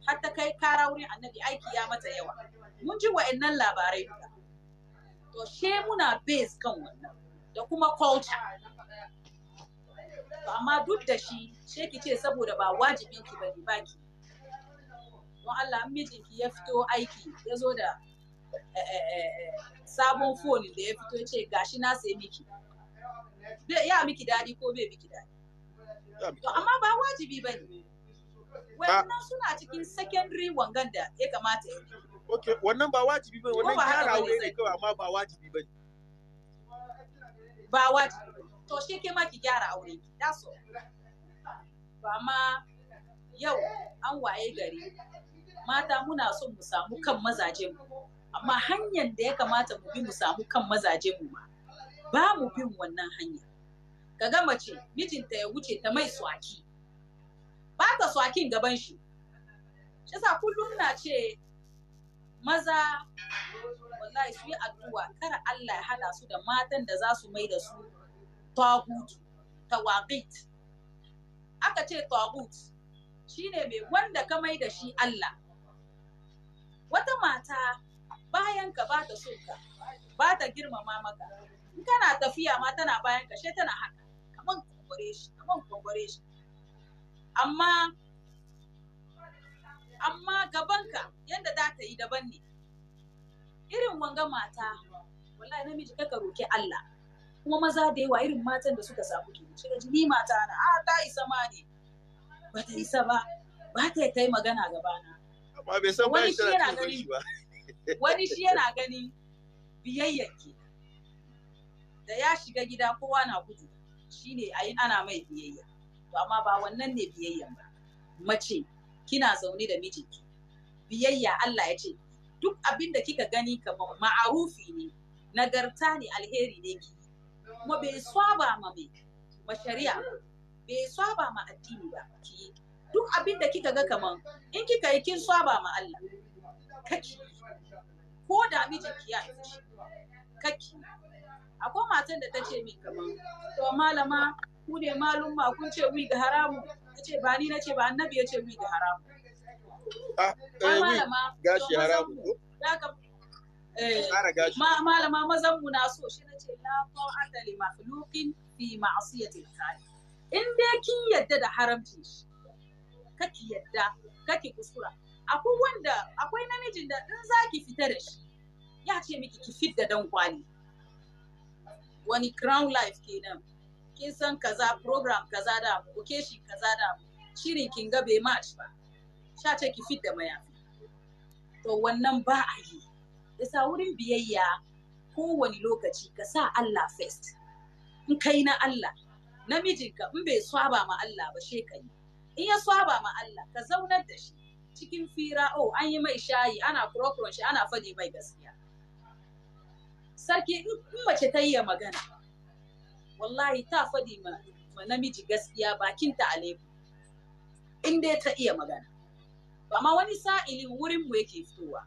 har ta kai kara wurin annabi aiki ya mata yawa mun ji wa'annan labarai to she muna base kan wannan da kuma culture to amma duk da shi sai ki ce saboda ba wajibin ki bane ba ki don Allah ki ya fito aiki ya zo da eh, eh, eh, sabon phone da ya fito ce gashi na sai miki ya miki dadi ko bai miki dadi to amma ba wajibi bane wannan suna cikin secondary wangan ya kamata ya okay wannan ba wajibi bane wannan gyara ne kawai amma ba wajibi ba wajibi to shi ke ma ki gyara aure ki that's all ba ma yau an waye gari mata muna son mu samu kan mazaje mu amma hanyar da ya kamata mu bi mu samu kan mazaje mu ma ba mu bin wannan hanya kaga mace mijinta ya wuce ta mai swaki ba ta swakin gaban shi shi kullum na ce maza wallahi su yi addu'a kar Allah ya hada su da matan da za su mai da su tagut tawaqit aka ce tagut shine mai wanda ka mai da shi Allah wata mata bayan ka ba ta so ka ba ta girmama maka in kana tafiya ma tana bayan ka sai tana haka kaman kongore shi kaman kongore shi amma amma gabanka yadda za ta yi daban ne irin wanga mata wallahi namiji kaka roki Allah kuma maza da yawa irin matan da suka samu kenan shi ni mata na a ta isa ma ne ba ta isa ba ba ta yi magana gabana amma bai san wani shi yana gani wani shi yana gani biyayyar da ya shiga gida kowa na gudu shine ayin ana mai biyayya to amma ba wannan ne biyayya ba mace kina zaune da mijinki biyayya Allah ya ce duk abin da kika gani kaman ma'arufi ne nagarta ne alheri ne ki kuma bai saba ma mai ma shari'a bai saba ma addini ba ki duk abin da kika ga kaman in kika yi kin saba ma Allah kaki ko da mijin ki ya kaki akwai matan da ta ce min kaman to malama ku ne malum ma kun ce wi ga haramu ta ce ba ni na ce ba annabi ya ce wi ga haramu malama mazan mu na so shi na ce la ta'ata li makhluqin fi ma'siyatil khaliq. In dai kin yadda da haramcin shi. Kaki yadda, kaki kuskura. Akwai wanda akwai namijin da in zaki fita da shi. Ya ce miki ki fit da dan kwali. Wani crown life kenan. Kin san kaza program kaza da, occasion kaza da, shirin kin ga bai match ba. sha ce ki fit da mayafi to wannan ba a yi sa wurin biyayya kowane lokaci ka sa Allah first in kai na Allah namijinka in bai swaba ma Allah ba she kai in ya swaba ma Allah ka zaunar da shi cikin fira oh an yi mai shayi ana kurokuron shi ana fadi mai gaskiya sarki in mace ta yi magana wallahi ta fadi ma namiji gaskiya bakinta ta alebu in dai ta iya magana amma wani sa'ili wurin mu yake fitowa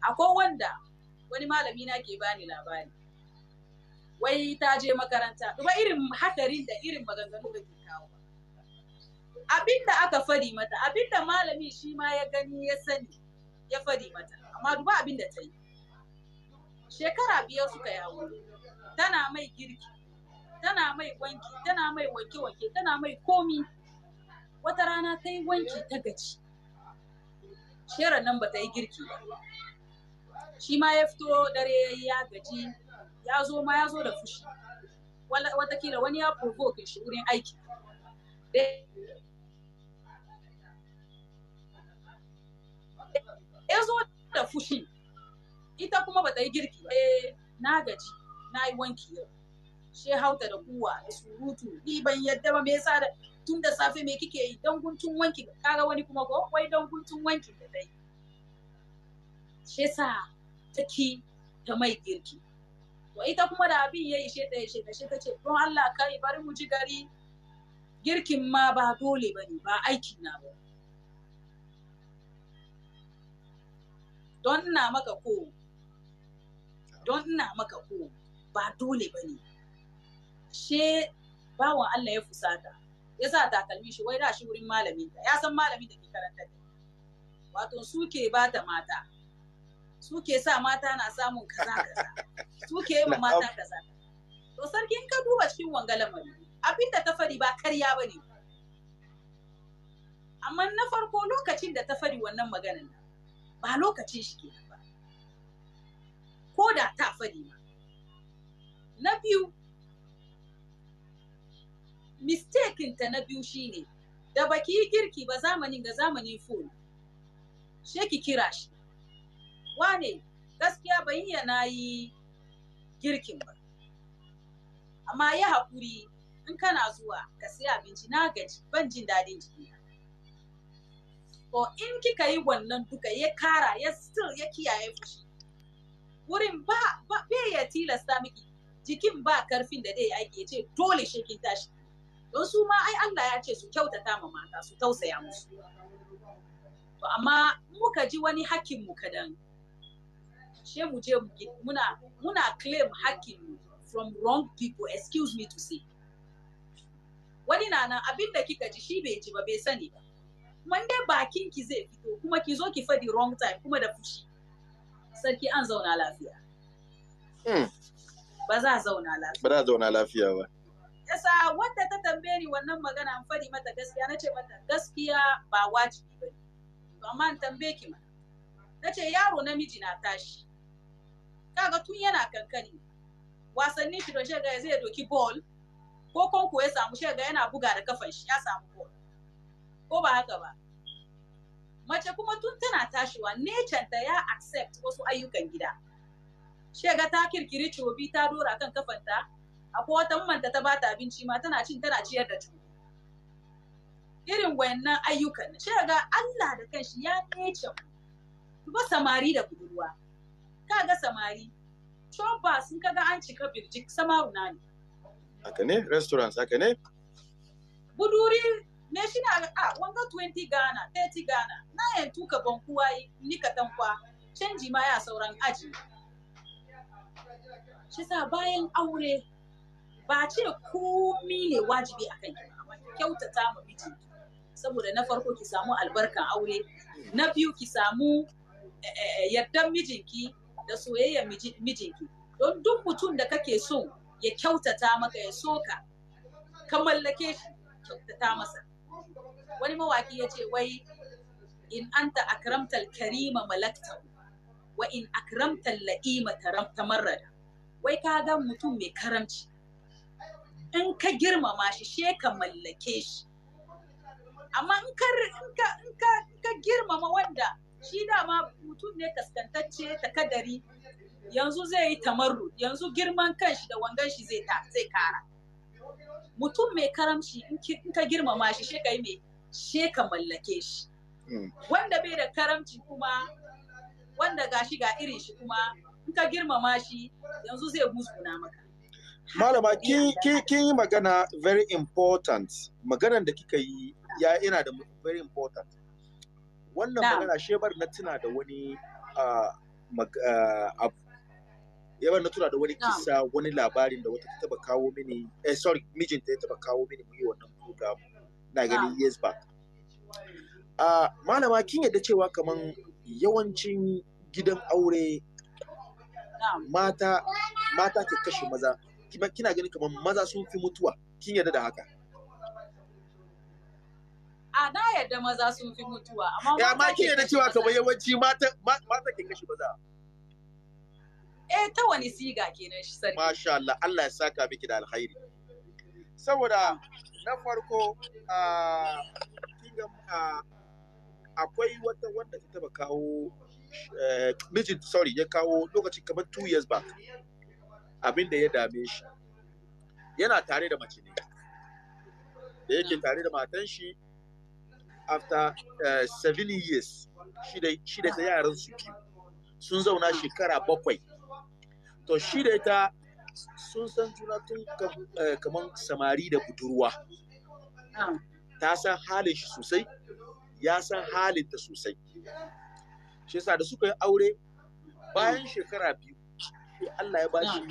akwai wanda wani malami na ke bani labari wai ta je makaranta duba irin hadarin da irin maganganu da ke kawo abinda aka fadi mata abinda malami shi ma ya gani ya sani ya fadi mata amma duba abinda ta yi shekara biyar suka yi aure tana mai girki tana mai wanki tana mai wanke-wanke tana mai komi wata rana ta yi wanki ta gaci Sheran nan bata yi girki ba shi ma ya fito dare ya gaji ya zo ma ya zo da fushi watakila wani ya provoke shi wurin aiki ya zo da fushi ita kuma bata yi girki ba eh, na gaji na yi wanki yau she hauta da kuwa da surutu ni ban yadda ba me yasa da tun da safe me kike yi dan guntun wanki kaga wani kuma ko wai dan guntun wanki da dai shesa yasa take ta mai girki to ita kuma da abin ya ishe ta ishe da shi ta ce don Allah kai bari mu ji gari girkin ma ba dole bane ba aiki na ba don ina maka ko don na maka ko ba dole bane she bawan Allah ya fusata ya sa takalmin shi wai da shi wurin malamin ta ya san malamin da ke karanta da wato suke ba ta mata suke sa mata na samun kaza kaza suke yi mata kaza to sarki in ka duba cikin wanga lamari abin da ta fari ba karya ba ne amma na farko lokacin da ta fari wannan maganan ba lokacin shi ke ba ko da ta fari ma na biyu mistakin ta na biyu shine da baki yi girki ba zamanin ga zamanin phone she ki kira shi wane gaskiya bai na yi girkin ba amma ya haƙuri in kana zuwa ka sai abinci na gaji ban jin daɗin jiki to in kika yi wannan duka ya kara ya still ya kiyaye fushi wurin ba ba ya tilasta miki jikin ba karfin da dai aiki ya ce dole shekin tashi don su ma ai Allah ya ce su kyautata ma mata su tausaya musu to amma muka ji wani hakkin mu kadan she mu je muna muna claim hakkin mu from wrong people excuse me to say wani na nan abin da kika ji shi bai ji ba bai sani ba wanda bakin ki zai fito kuma ki zo ki fadi wrong time kuma da fushi sarki an zauna lafiya hmm. ba za zauna lafiya ba za zauna lafiya ba yasa wadda ta tambaye ni wannan magana an fadi mata gaskiya nace mata gaskiya ba wajibi bane to amma an tambaye ki mana nace yaro namiji na tashi kaga tun yana kankani wasanni shi don shaga zai doki ball ko konko ya samu shaga yana buga da kafan shi ya samu ball ko ba haka ba mace kuma tun tana tashiwa nature da ya accept wasu ayyukan gida shaga ta kirkiri cobi ta dora kan kafanta akwai wata manta ta bata abinci ma tana cin tana ciyar da juna irin wayannan ayyukan sai ga Allah da kanshi ya nece mu ba samari da budurwa kaga samari chopa sun kaga an cika birjik na ne aka ne restaurants haka ne buduri ne, shi na a ah, wanga 20 gana, 30 gana. na yan tuka bankuwa ni ka tankwa canji ma ya sauran aji shi sa bayan aure ba ce komi ne wajibi a kai. kyautata ma mijinki saboda na farko ki samu albarkan aure na biyu ki samu eh, eh, eh, yardan mijinki da soyayyar mijinki don duk mutum da kake so ya kyautata maka ya so ka mallake shi kyautata masa wani mawaki ya ce wai in anta akramtal karima malaktahu wa in akramtal la'ima tamarrada wai ka ga mutum mai karamci in ka girmama shi she ka mallake shi amma in ka in ka in ka girmama wanda shi dama mutum ne kaskantacce takadari yanzu zai yi tamarru yanzu girman kanshi da wangan shi zai ta zai kara mutum mai karamci in ka girmama shi she ka yi mai she ka mallake shi hmm. wanda bai da karamci kuma wanda gashi ga irin shi kuma in ka girmama shi yanzu zai musguna maka malama kin yi magana very important maganar da kika yi ya ina da very important wannan magana shebar na tuna da wani abu yabar na tuna da wani kisa wani labarin da wata ta taba kawo mini eh sorry mijinta ya taba kawo mini mu yi wannan program na gani years back malama kin yadda cewa kaman yawancin gidan aure mata mata ke kashe maza kina gani kamar maza sun fi mutuwa kin yarda da haka a na yarda maza sun fi mutuwa amma ya ma kin yarda cewa kamar yawanci mata mata kin kashi maza eh ta wani siga kenan shi sarki masha Allah Allah ya saka miki da alkhairi saboda na farko a kinga akwai wata wanda ta taba kawo eh, mijin sorry ya kawo lokaci kamar two years back abin da ya dame shi yana tare da mace ne da yake tare da matan shi after uh, seven years shi da ta yaran su biyu sun zauna shekara bakwai to shi da ta sun san juna tun eh, kaman samari da budurwa ta san halin shi sosai ya san halin ta sosai shi yasa da suka yi aure bayan shekara biyu Allah ya bashi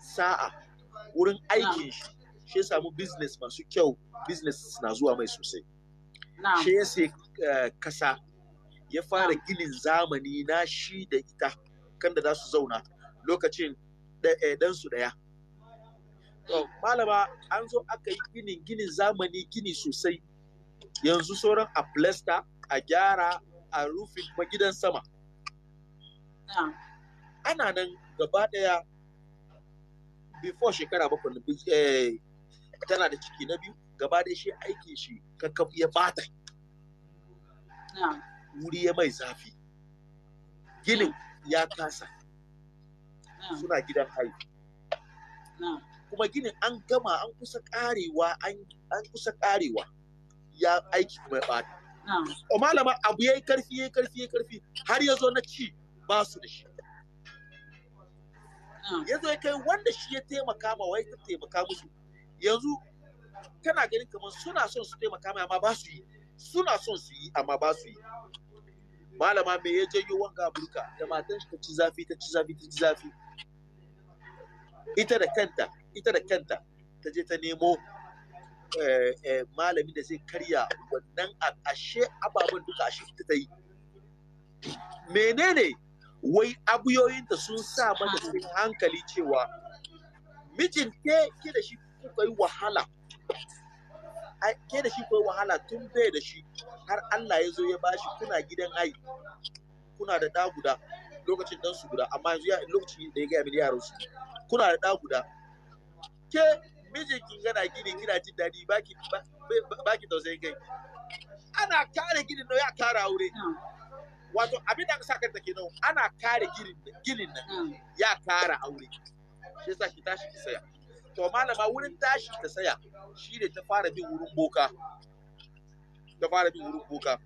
sa'a wurin aikin shi shi ya samu business masu kyau business na zuwa mai sosai shi ya sai eh, kasa ya fara ginin zamani na shi da ita kan da za su zauna lokacin eh, ɗansu ɗaya malama an zo aka yi ginin ginin zamani gini sosai yanzu sauran a plaster a gyara a rufin magidan sama ana nan gaba daya before shekara bakwai eh, tana da ciki na biyu gaba daya shi aiki shi kakkaf ya bata wuri ya mai zafi ginin ya kasa suna gidan haihu kuma ginin an gama an kusa karewa an kusa karewa ya aiki kuma ya bata o malama abu ya yi karfi ya yi karfi ya yi karfi har ya zo na ci ba su da shi Ah. ya zo kai wanda shi ya taimaka ma wai ta taimaka musu yanzu kana ganin kamar suna son su taimaka mai amma ba su yi suna son su yi amma ba su yi malama me ya janyo wanga burka da matan shi ta ci zafi ta ci zafi ta ci zafi ita da kanta ita da kanta ta je ta nemo eh, eh, malami da zai karya wannan ashe ababen duka ashe ta yi menene wai abuyoyinta sun sa mata cikin hankali cewa mijin ke ke da shi kuka yi wahala ke da shi kuka yi wahala tun bai da shi har Allah ya zo ya bashi kuna gidan ai kuna da da guda lokacin dan su guda amma yanzu lokacin da ya ga mini yaran su kuna da da guda ke mijin kin gana gidi kina jin daɗi baki baki tausayin kai ana kare gini no ya kara aure wato abin da aka sa kanta kenan ana kare gilin nan mm. ya kara aure shi yasa ki tashi ki saya to malama wurin tashi ta saya shi ne ta fara bin wurin boka ta fara bin wurin boka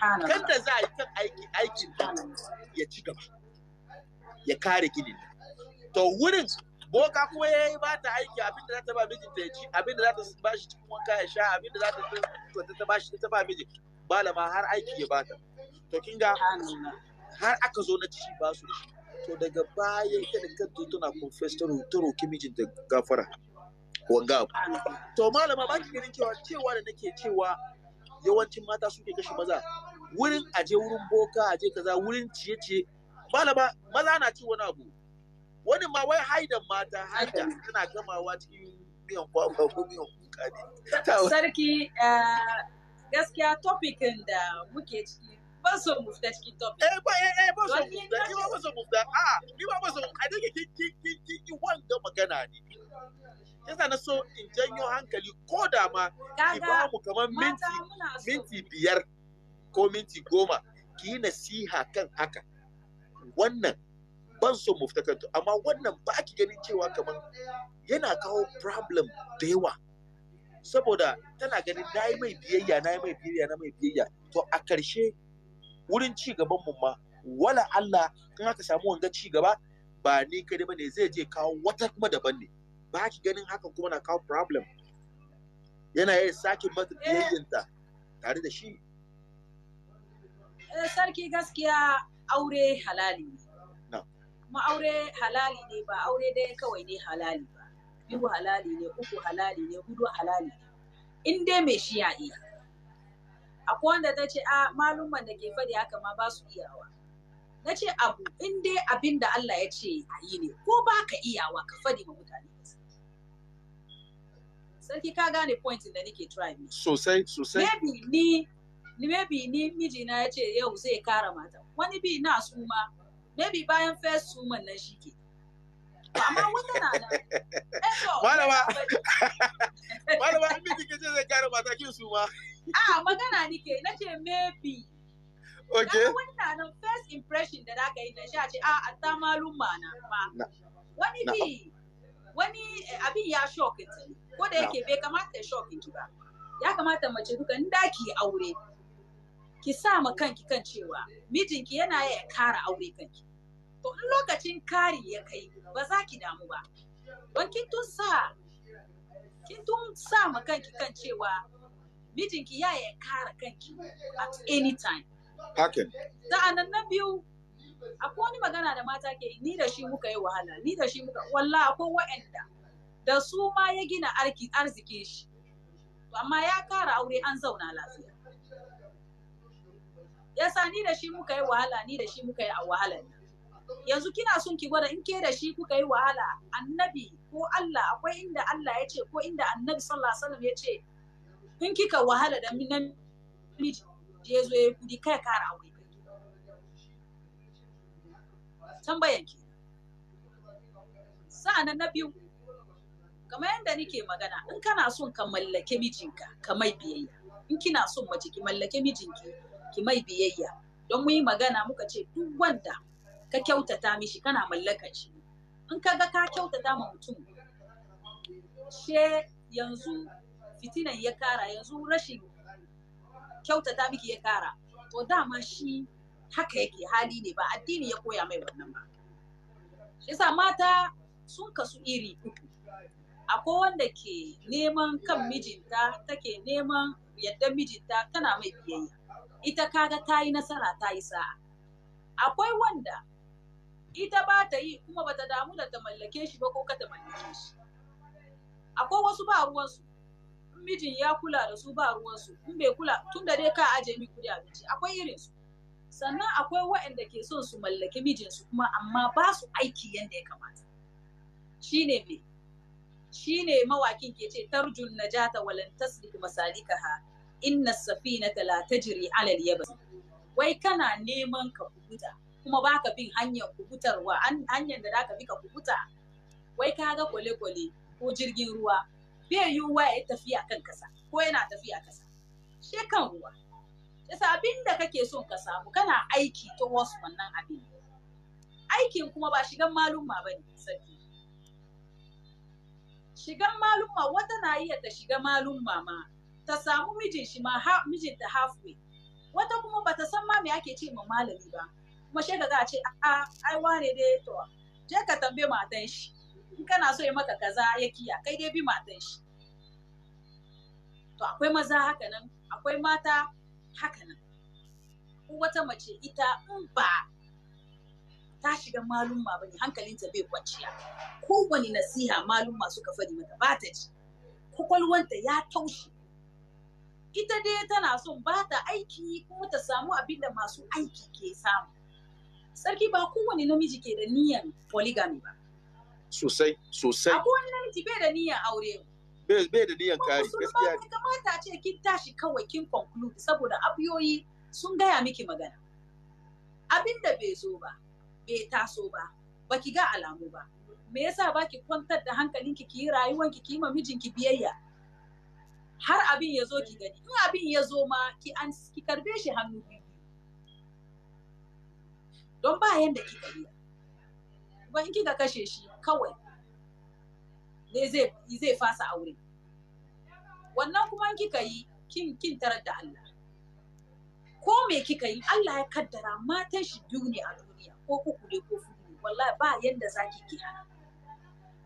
kanta za a yi kan aiki aikin ya ci gaba ya kare gilin to wurin boka kuma ya yi bata aiki abin da za ta ba mijinta ya ci abin da za ta ba shi cikin wanka ya sha abin da za ta ta ba shi ta ba mijin malama har aiki ya bata. to kin ga har aka zo na ci ba su to daga baya ita da kanta tana confess ta roki da gafara wanga to malama ba ki ganin cewa cewa da nake cewa yawancin mata suke kashe maza wurin aje wurin boka aje kaza wurin ciye-ciye malama maza na ci wani abu wani ma wai haidan mata haida tana gamawa cikin miyan kwakwa ko miyan kuka ne sarki eh, gaskiya topikin da muke ciki ban so mu fita Eh ba eh ban so mu ba ban so mu fita. A'a, ba ban a dake ki ki ki ki ki wanga magana ne. Yasa na so in janyo hankali ko da ma ki ba kamar minti biyar ko minti goma ki yi nasiha kan haka. Wannan ban mu fita kanto amma wannan ba ki ganin cewa kamar yana kawo problem da yawa saboda tana ganin na yi mai biyayya na yi mai biyayya na mai biyayya to a karshe wurin ci gaban mu ma wala Allah kan aka samu wanga ci gaba ba ni ba bane zai je kawo wata kuma daban ne ba ki ganin haka kuma na kawo problem yana yin sake mata eh. biyayyanta tare da shi eh, sarki gaskiya aure halali ne kuma aure halali ne ba aure dai kawai ne halali ba biyu halali ne uku halali ne hudu halali ne in dai mai shi ya iya akwai wanda ta ce a ah, malumman da ke faɗi haka ma ba su iyawa na ce abu in dai abin da Allah ya ce a yi ne ko ba ka iyawa ka faɗi ma mutane sarki ka gane point da nake try me sosai sosai maybe ni maybe ni mijina ya ce yau zai kara mata wani bi na suma maybe bayan first woman nan shi ke amma wata na da eh, malama malama miji ke ce zai kara mata kin suma ah magana nike na ce maybe okay wannan first impression da zaka yi da shi a ce a ah, ta malum na wani bi wani eh, abin ya shock ki ko da yake bai kamata ya shock ki ba ya kamata mace duka in daki aure ki sa ma kanki kan cewa mijinki yana ya kara aure kanki to in lokacin kari ya kai ba za ki damu ba don kin tun sa kin tun sa ma kanki kan cewa mijinki ya ya kare kanki at any time hakan sa'annan na biyu akwai wani magana da mata ke yi ni da shi muka yi wahala ni da shi muka walla akwai wa'anda da su ma ya gina arziki shi to amma ya kara aure an zauna lafiya yasa ni da shi muka yi wahala ni da shi muka yi a wahala yanzu kina son ki gwada in ke da shi kuka yi wahala annabi ko Allah akwai inda Allah ya ce ko inda annabi sallallahu alaihi wasallam ya ce in kika wahala da namiji ya zo ya kudi kai kara aure tambayan ki sa'annan na biyu kamar yadda nike magana in kana son ka mallake mijinka ka mai biyayya in kina son mace ki mallake mijinki ki mai biyayya don muyi magana muka ce duk wanda ka kyautata mishi kana mallaka shi in ka ga ka kyautata ma mutum she yanzu fitinan ya kara yanzu rashin kyautata miki ya kara to dama shi haka yake hali ne ba addini ya koya mai wannan ba shi mata sun kasu iri uku akwai wanda ke neman kan mijinta take neman yadda mijinta tana mai biyayya ita kaga ta yi nasara ta yi sa'a akwai wanda ita ba ta yi kuma ba ta damu da ta mallake shi ba ko ka ta mallake shi akwai wasu ba ruwansu mijin ya kula da su ba ruwansu in bai kula tun da dai ka aje mi kudi abinci akwai irin su sannan akwai waɗanda ke son su mallaki mijinsu kuma amma ba su aiki yadda ya kamata shine me shine mawakin ke ce Tarjun, najata walan taslik masalikaha inna safinata la tajri alal yabas wai kana neman ka kubuta kuma baka bin hanyar kubutarwa hanyar da zaka bi ka kubuta wai kaga kole kole ko jirgin ruwa bai yiwuwa ya tafiya kan kasa ko yana tafiya kasa shi kan ruwa yasa abin da kake son ka samu kana aiki ta wasu wannan abin aikin kuma ba shigan malumma ba ne sarki shigan malumma wata na iya ta shiga malumma ma ta samu mijin shi ma mijin ta halfway wata kuma ba ta san ma me ake ce ma malami ba kuma shi ga a ce a ai wane dai to je ka tambaye matan shi in kana so ya maka kaza ya kiya kai dai bi matan shi to akwai maza haka nan akwai mata haka nan wata mace ita in ba ta shiga malumma bane hankalinta bai kwanciya kowane nasiha malumma suka fadi mata ba ta ji kwakwalwanta ya taushe ita dai tana son ba ta aiki ko ta samu abin da masu aiki ke samu sarki ba kowane namiji ke da niyan polygamy ba sosai sosai abu wannan bai da niyan aure bai bai da niyan gaskiya kamata ce kin tashi kawai kin conclude saboda abiyoyi sun gaya miki magana abinda bai zo ba bai taso ba baki ga alamu ba me yasa baki kwantar da hankalinki ki yi rayuwanki ki yi ma mijinki biyayya har abin ya zo ki gani in abin ya zo ma ki an ki karbe shi hannu biyu don ba yanda ki iya ba in kika kashe shi kawai ne zai fasa aure wannan kuma kika yi kin kin tarar da Allah ko me kika yi Allah ya kaddara matan shi biyu ne a duniya ko uku ne ko fudu ne wallahi ba yanda zaki ki hana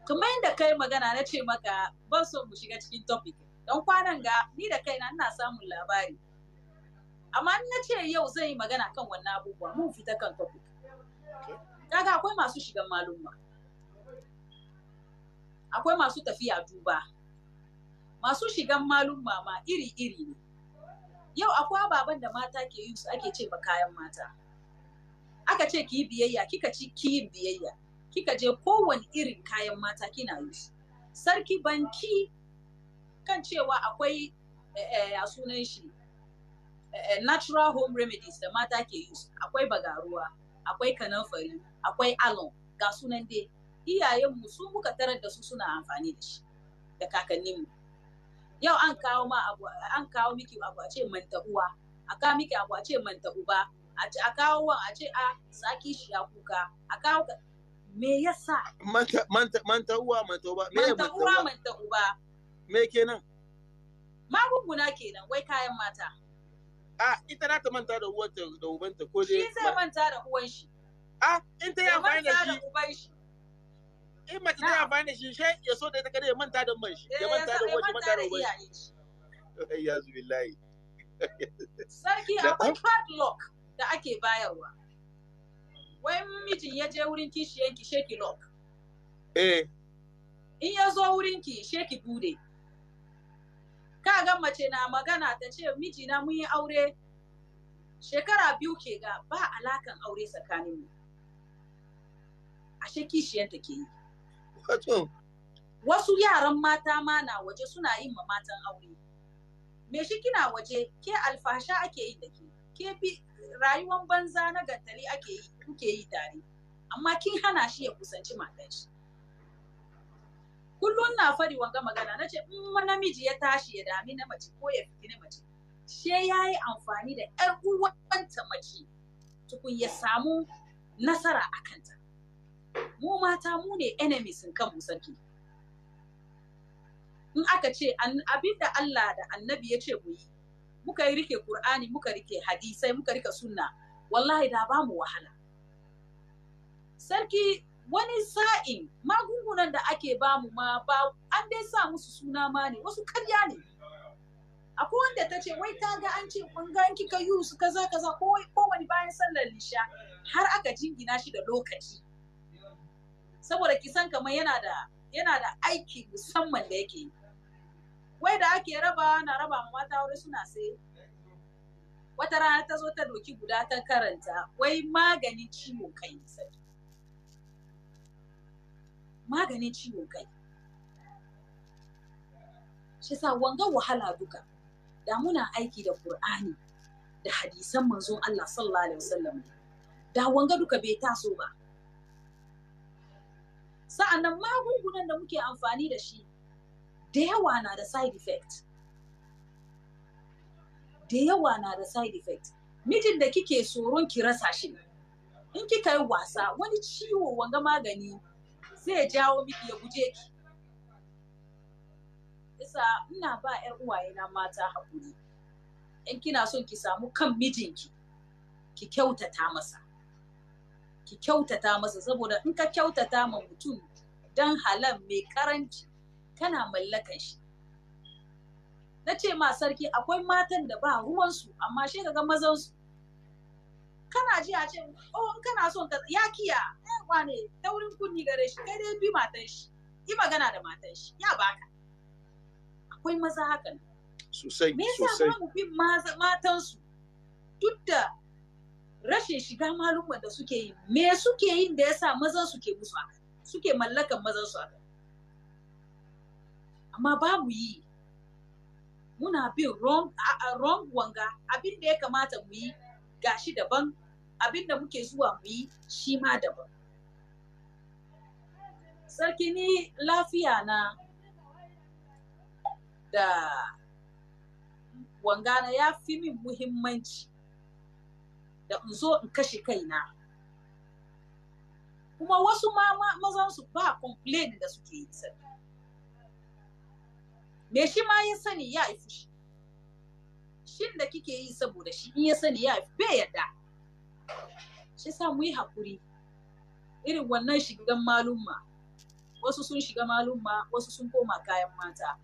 kuma yadda kai magana na ce maka ban so mu shiga cikin topic don kwanan ga ni da kaina ina samun labari amma na ce yau zan yi magana kan wannan abubuwa mun fita kan topic kaga akwai masu shigan malumma akwai masu tafiya duba masu shigan malum mama iri-iri ne yau akwai ababen da mata ke yi su ake ce ba kayan mata aka ce ki biyayya kika ci ki biyayya kika je kowane irin kayan mata kina yi sarki banki kan cewa akwai eh, eh, a sunan shi eh, natural home remedies da mata ke yi akwai bagaruwa akwai kananfari akwai alon ga sunan dai iyayenmu su muka tarar da su suna amfani da shi da kakanninmu yau an kawo ma abu an kawo miki abu a ce manta uwa a kawo miki abu a ce manta uba a kawo wa a ce a saki shi ya kuka a kawo me yasa manta manta manta uwa manta uba me manta uwa manta uba me kenan magunguna kenan wai kayan mata a ita za ta manta da uwanta da ubanta ko dai shi zai manta da uwan shi a in ta yi amfani da shi in mace ta amfani da shi shi ya so da ita kada ya manta da man shi ya eh, manta da wani manta da wani ya zu billahi sarki akwai padlock da ake bayarwa wai mijin ya je wurin kishiyan ki sheki lock eh in ya zo wurin ki sheki bude ka ga mace na magana ta ce miji na mun yi aure shekara biyu ke ga ba alakan aure tsakaninmu ashe kishiyanta ke yi Wasu yaran mata ma na waje suna yin ma matan aure. Me shi kina waje ke alfasha ake yi da ke, ke fi rayuwar banza na gantali ake yi kuke yi tare, amma kin hana shi ya kusanci matan shi. Kullum na fari wanga magana na ce mm, in ma namiji ya tashi ya dami na mace ko ya fiti na mace, she ya yi amfani da ‘yar uwanta mace tukun ya samu nasara a kanta. mu mata mu ne enemies kanmu sarki in aka ce abinda Allah da annabi ya ce mu yi muka yi rike Qur'ani muka rike hadisai muka rike sunna wallahi da ba mu wahala sarki wani sa'in magungunan da ake ba mu ma ba an dai sa musu suna ma ne wasu karya ne akwai wanda ta ce wai ta ga an ce kun ga kika yi su kaza kaza ko wani bayan sallar lisha har aka jingina shi da lokaci saboda kisan kamar yana da yana da aiki musamman da yake yi. wai da ake raba na raba ma mata wuri suna sai wata rana ta zo ta doki guda ta karanta wai maganin ciwon kai maganin ciwon kai shi sa wanga wahala duka da muna aiki da Qur'ani da hadisan manzon Allah sallallahu alaihi wasallam da wanga duka bai taso ba sa'annan magungunan da muke amfani da shi da yawa na da side effect da yawa na da side effect mijin da kike tsoron ki rasa shi in kika yi wasa wani ciwo wanga magani zai jawo miki ya guje ki isa ina ba 'yan uwaye na mata haƙuri in kina son ki samu kan mijinki ki kyautata masa ki kyautata masa saboda in ka kyautata ma mutum dan halan mai karanci kana mallakan shi na ce ma sarki akwai matan da ba ruwansu amma shi ga mazansu kana ji a ce oh in kana son ka ya kiya eh wane taurin kunni gare shi kai dai bi matan shi yi magana da matan shi ya baka akwai maza haka sosai sosai me yasa ba mu bi matan su duk da rashin shiga malumman da suke yi me suke yin da yasa mazan suke musu haka suke mallakan mazan su haka amma babu yi muna bin wrong, uh, wrong wanga abin da ya kamata mu yi gashi daban abin da muke zuwa mu yi shi ma daban sarki ni lafiya na da wangana ya fi min muhimmanci da in zo in kashe kaina kuma wasu ma mazan su ba complain da suke yi sani me shi ma ya sani ya yi fushi shin da kike yi saboda shi in ya sani ya yi bai yadda shi sa mu yi hakuri irin wannan shigan malumma wasu sun shiga malumma wasu sun koma kayan mata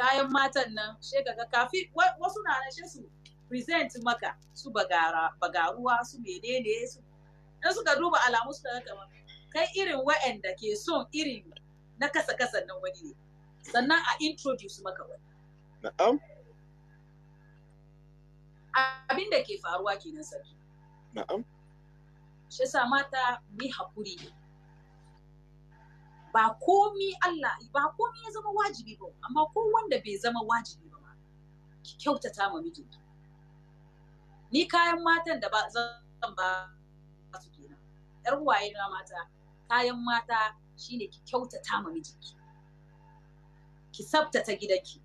kayan matan nan sai ga kafi wasu na nan su present maka su bagaruwa su menene su in suka duba alamu su ga kamar kai irin wa'anda ke son irin na kasa kasa nan wani ne sannan a introduce maka wani na'am abin da ke faruwa kenan sarki na'am shi sa mata mu hakuri ba komi Allah ba komi ya zama wajibi ba amma ko wanda bai zama wajibi ba ki kyautata ma mijinki ni kayan matan da ba zan ba su kenan yar uwaye na mata kayan mata shine ki kyautata ma mijinki ki sabtata gidanki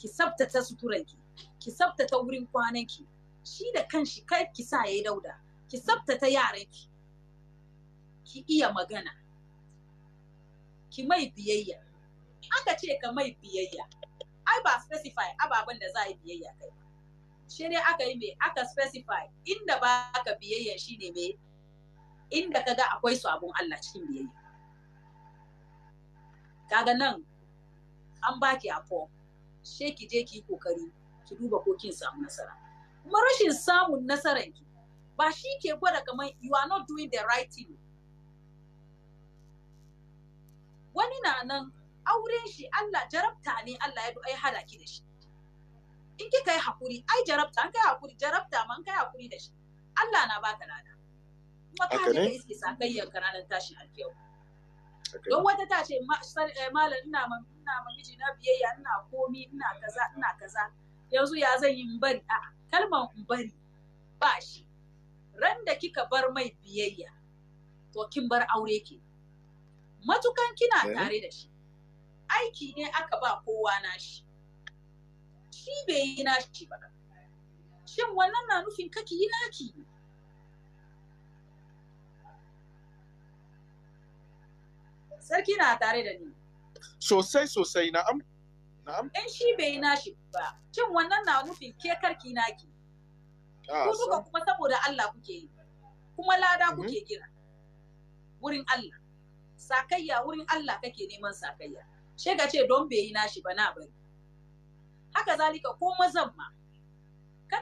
ki sabtata suturanki ki sabtata wurin kwananki shi da kanshi kai ki sa yayi dauda ki sabtata yaranki ki iya magana ki mai biyayya aka ce ka mai biyayya ai ba specify ababen da za a yi biyayya kai ba shi ne aka yi mai aka specify inda ba ka biyayya shi ne mai inda ka ga akwai sabon Allah cikin biyayya kaga nan an baki afo she ki je ki kokari ki duba ko kin samu nasara kuma rashin samun nasarar ki ba shi ke gwada kamar you are not doing the right thing wani na nan auren shi Allah jarabta ne Allah ya ai hada ki da shi in kika yi hakuri ai jarabta an kai hakuri jarabta man kai hakuri da shi Allah na baka lada kuma ka je ka iske sakayyar ka ranar a alkiyau don wata ta ce eh, malam ina ma ina ma miji na biyayya ina komi ina kaza ina kaza yanzu ya zan yi bari a kalmar bari ba shi ran da kika bar mai biyayya to kin bar aure ke matukan kina tare da shi aiki ne aka ba kowa na shi shi bai yi nashi ba shin wannan na nufin kaki yi naki sarki na tare da ni sosai sosai na'am na'am in shi bai yi nashi ba shin wannan na nufin ke karki naki ah, ku duka kuma saboda Allah kuke yi kuma lada mm-hmm. kuke gina. wurin Allah sakayya wurin Allah kake neman sakayya Shega ce don bai yi nashi ba na bari haka zalika ko mazan ma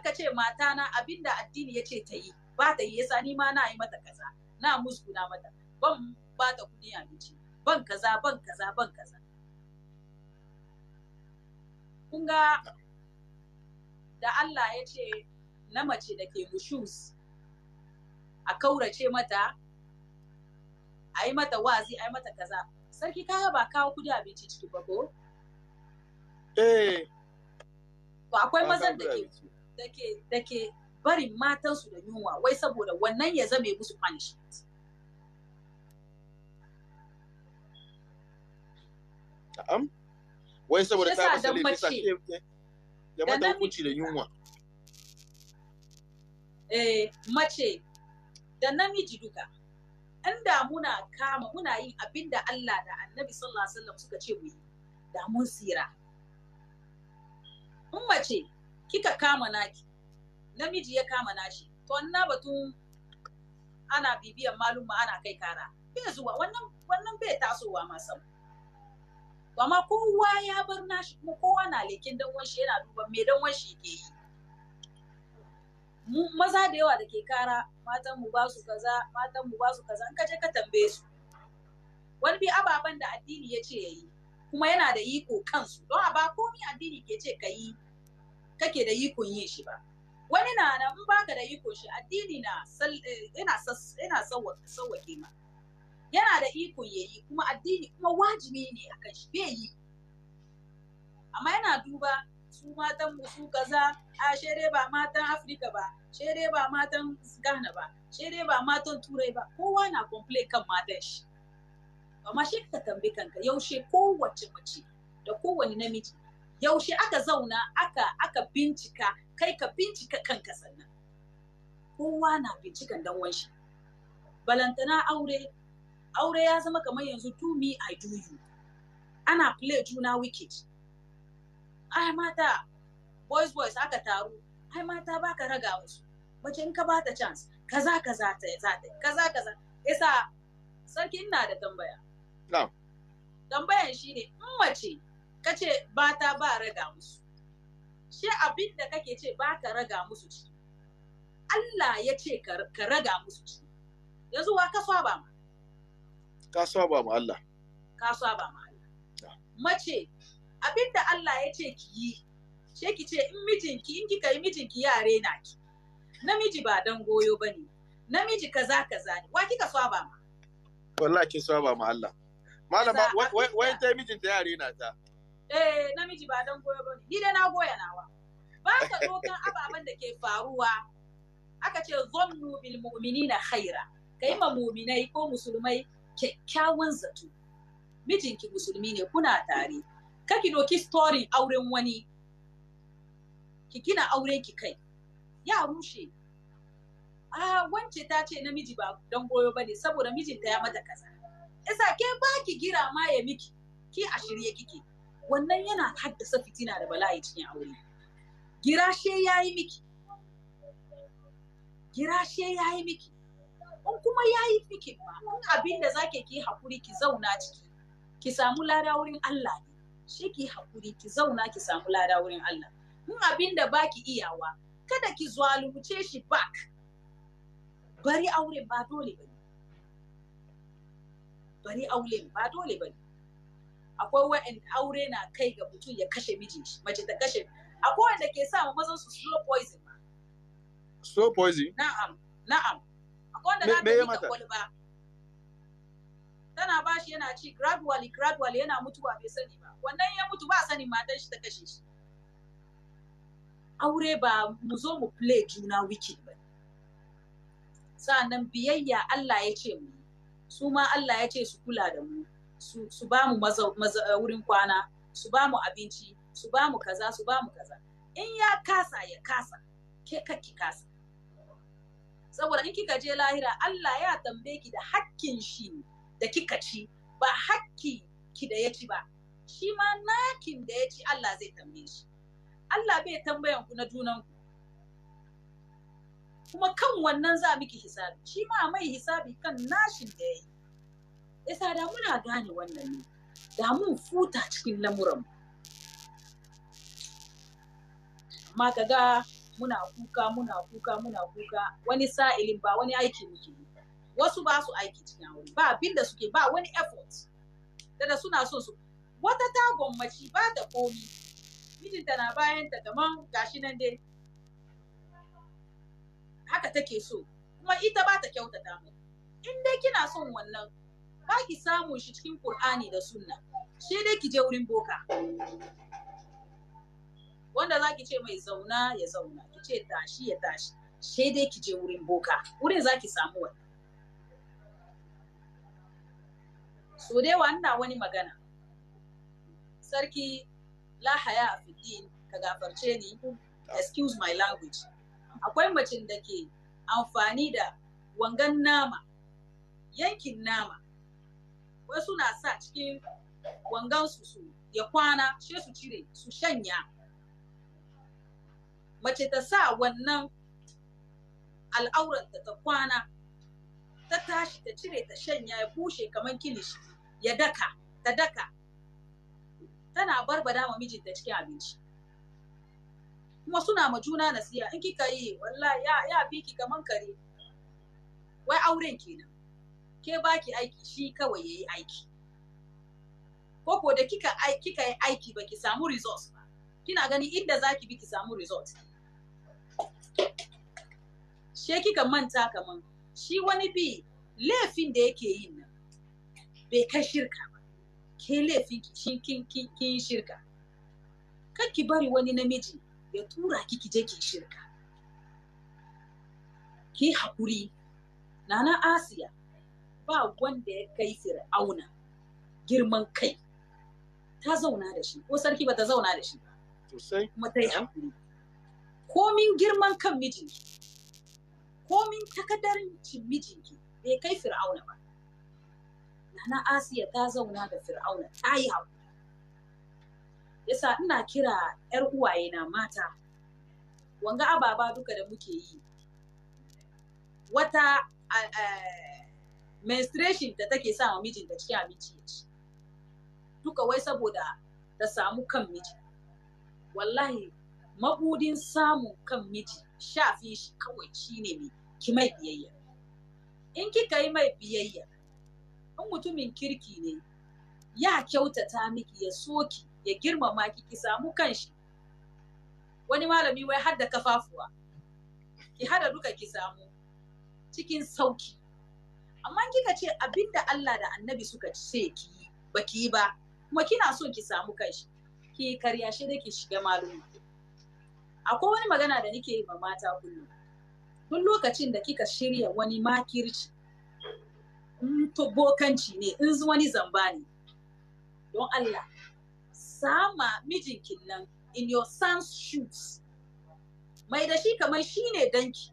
ka ce mata na abinda addini ya ce ta yi ba ta yi yasa ni ma na yi mata kaza na musguna mata ban ba ta kudi abinci ban kaza ban kaza ban kaza kun ga da Allah ya ce na mace da ke mushus a kaurace mata a yi mata wazi a yi mata kaza sarki kaya ba kawo kudi abinci ciki ba ko? eh to akwai mazan da ke da ke barin matansu da yunwa wai saboda wannan ya zame musu punishment na'am wai saboda ta da laifi sa ya mata hukunci da yunwa eh mace da namiji duka inda muna kama muna yin abin da Allah da Annabi sallallahu alaihi wasallam suka ce mu yi da mun sira in mace kika kama naki namiji ya kama nashi to na batun ana bibiyan maluma ana kai kara bai zuwa wannan wannan bai tasowa ma sam to amma kowa ya bar nashi kuma kowa na lekin dan wanshi yana duban me dan wanshi ke yi mu maza da yawa da ke kara matan mu ba su kaza matan mu ba su kaza in ka je ka tambaye su wani bi ababen da addini ya ce yayi kuma yana da iko kansu don a ba komi addini ke ce ka yi kake da ikon yin shi ba wani na nan in baka da iko shi addini na eh, yana yana ma yana da ikon yayi kuma addini kuma wajibi ne akan shi bai yi amma yana duba su matan musu su kaza a shere ba matan Afirka ba shere ba matan Ghana ba shere ba matan Turai ba kowa na complain kan matan shi amma shi ka tambi kanka yaushe kowace mace da kowane namiji yaushe aka zauna aka aka bincika kai ka bincika kanka sannan kowa na bincikan dan shi balantana aure aure ya zama kamar yanzu to me i do you ana play juna wicked ai mata boys boys aka taru ai mata baka raga wasu mace in ka bata chance kaza kaza ta za ta kaza kaza yasa sarki ina da tambaya no. tambayan shine in mace ka ce ba ta ba raga musu shi abin da kake ce ba ta raga musu ci Allah ya ce ka raga musu ci yanzu wa ka saba ma ka saba ma Allah ka saba ma Allah mace abin da Allah ya ce ki yi she ki ce in mijinki in kika yi mijinki yare na ki namiji ba dan goyo bane namiji kaza kaza ne wa kika saba ma wallahi ki saba ma Allah malama wai ta mijinta yare na ta eh namiji ba dan goyo ba ni dai na goya nawa ba ka dokan ababen da ke faruwa aka ce zannu bil mu'minina khaira kai ma mu'minai ko musulmai kyakkyawan zato mijinki musulmi ne kuna tare kaki doki story auren wani ki gina auren ki kai ya rushe a wance ta ce namiji ba dan goyo bane saboda mijinta ya mata kaza yasa ke ba ki gira ma ya miki ki a shirye kike wannan yana haddasa fitina da bala'i cikin aure girashe ya yi miki girashe ya yi miki in kuma ya yi miki ba. in abin da zake ki hakuri ki zauna ciki ki samu lada wurin Allah ne shi ki hakuri ki zauna ki samu lada wurin Allah in abin da baki iyawa kada ki zalunce shi back bari auren ba dole bane bari auren ba dole bane akwai wa'in aure na kai ga mutum ya kashe miji mace ta kashe akwai wanda ke sa mazan su slow poison slow poison na'am na'am akwai wanda na ta kwalba tana bashi yana ci gradually gradually yana mutuwa bai sani ba wannan ya mutu ba sani matan shi ta kashe shi aure ba mu zo mu play juna wiki ba sa'annan biyayya Allah ya ce mu su ma Allah ya ce su kula da mu su, su ba mu eh, wurin kwana su ba mu abinci su ba mu kaza su ba mu kaza in ya kasa ya kasa ke kakki kasa saboda in kika je lahira Allah ya tambaye ki da hakkin shi da kika ci ba hakki ki da ya ci ba shi ma nakin da ya ci Allah zai tambaye shi Allah bai tambayan ku na junan ku kuma kan wannan za miki hisabi shi ma mai hisabi kan nashin da ya yi yasa da muna gane wannan ne da mun futa cikin lamuran amma kaga muna kuka muna kuka muna kuka wani sa'ilin ba wani aiki muke wasu ba su aiki cikin aure ba abin da suke ba wani effort da suna so su wata ta gwammaci ba ta komi mijinta na bayan ta kaman gashi nan dai haka take so kuma ita ba ta kyautata mu in dai kina son wannan kaki ki samu shi cikin Qur'ani da Sunna shi dai ki je wurin boka wanda za ki ce mai zauna ya zauna ki ce tashi ya tashi shi dai ki je wurin boka wurin za ki samu wani so dai wannan wani magana sarki la haya a fiddin ka gafarce ni excuse my language akwai macin da ke amfani da wangan nama yankin nama wasu suna sa cikin wangansu su ya kwana she su cire su shanya mace ta sa wannan al'auranta ta kwana ta tashi ta cire ta shanya ya bushe kamar kilishi ya daka ta daka tana barbada ma mijinta cikin abinci kuma suna ma juna nasiya in kika yi wallahi ya ya biki kaman kare wai auren kenan ke baki aiki shi kawai yayi aiki ko ko da kika kika yi aiki baki samu results ba kina gani inda zaki bi ki samu results she kika manta kaman shi wani bi laifin da yake yin nan bai kai shirka ba ke laifin ki kin kin kin shirka kar ki bari wani namiji ya tura ki je ki shirka ki haƙuri nana asiya ba wanda ya kai fir'auna girman kai ta zauna da shi ko sarki ba ta zauna da shi ba kuma ta yi hankali komin girman kan mijinki komin takadarancin mijinki bai kai fir'auna ba nana asiya ta zauna da fir'auna ta yi hankali yasa ina kira 'yar uwaye na mata wanga ababa duka da muke yi wata eh, menstruation da take sa wa mijinta cikin abinci ya ci duka wai saboda ta samu kan miji wallahi mabudin samun kan miji shafi shi kawai shine mai ki mai biyayya in kika yi mai biyayya in mutumin kirki ne ya kyautata miki ya soki ya girmama ki ki samu kanshi wani malami wai har da kafafuwa ki hada duka ki samu cikin sauki amma kika ce abinda Allah da annabi suka ce ki ba ki ba kuma kina so ki samu kanshi ki karya shi da ki shiga malumi akwai wani magana da nake yi ma mata kullum tun lokacin da kika shirya wani makirci in to ne in wani zamba ne don Allah sama mijinkin nan in your son's shoes mai da shi kamar shine danki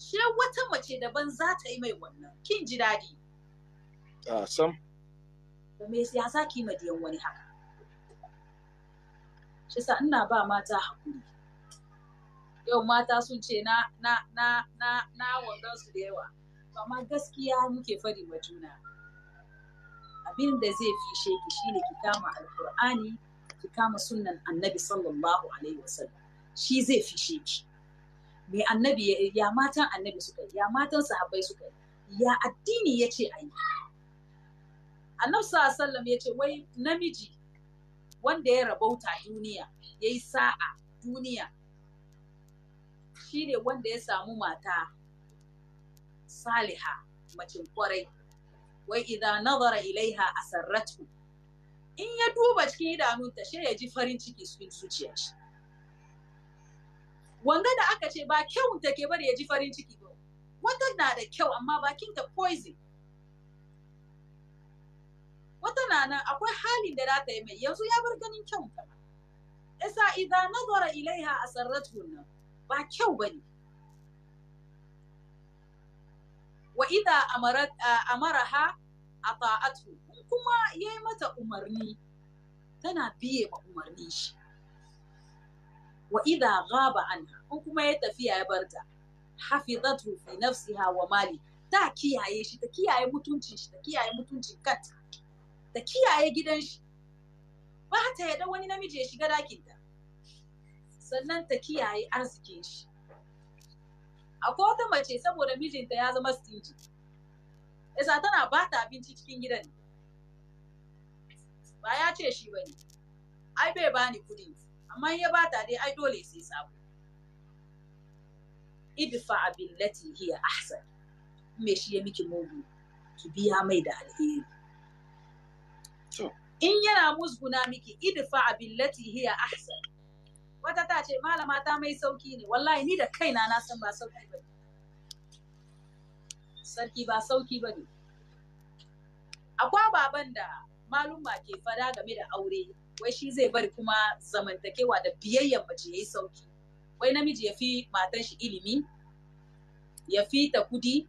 she wata mace daban za ta yi mai wannan kin ji daɗi a ah, sam me ya za ki madiyan wani haka shi sa ina ba mata hakuri yau mata sun ce na na na na na wanda su da yawa amma gaskiya muke fari wa juna abin da zai fishe ki shine ki kama alkur'ani ki kama sunnan annabi sallallahu alaihi wasallam shi zai fishe ki Mai annabi ya matan annabi suka yi ya matan sahabbai suka yi ya addini ya ce a yi sa sallam ya ce wai namiji wanda ya rabauta duniya ya yi sa'a duniya shine wanda ya samu mata saliha macin kwarai wai idan nazara ilaiha asarratu in ya duba cikin idanunta shi ya ji farin ciki su zuciya shi wanga da aka ce ba kyau ta ke bari ya ji farin ciki ba wata na da kyau amma bakin ta poison wata na nan akwai halin da za yi mai yanzu ya bar ganin kyau ta isa idan nazara ilaiha a Saratu ba kyau ba ne wa idha amaraha ata'atu kuma yayi mata umarni tana biye ma umarnin shi wa idha ghaba anha ko kuma ya tafiya ya barta hafizatu fi nafsiha wa mali ta kiyaye shi ta kiyaye mutuncin shi ta kiyaye mutuncin kanta ta kiyaye gidan shi ba ta yarda wani namiji ya shiga dakinta sannan ta kiyaye arzikin shi akwai wata mace saboda mijinta ya zama stingy yasa tana ba ta abinci cikin gidan ba ya ce shi bane ai bai bani kuɗi amma ya bata dai ai dole sai sabo idfa billati hiya ahsan me shi ya miki mugu ki biya mai da alheri in yana musguna miki idfa billati hiya ahsan wata ta ce malama ta mai sauki ne wallahi ni da kaina na san ba sauki ba sarki ba sauki ba ne akwai baban da malumma ke fada game da aure wai shi zai bari kuma zamantakewa da biyayyan mace yi sauki wai namiji ya fi matan shi ilimi ya fi ta kudi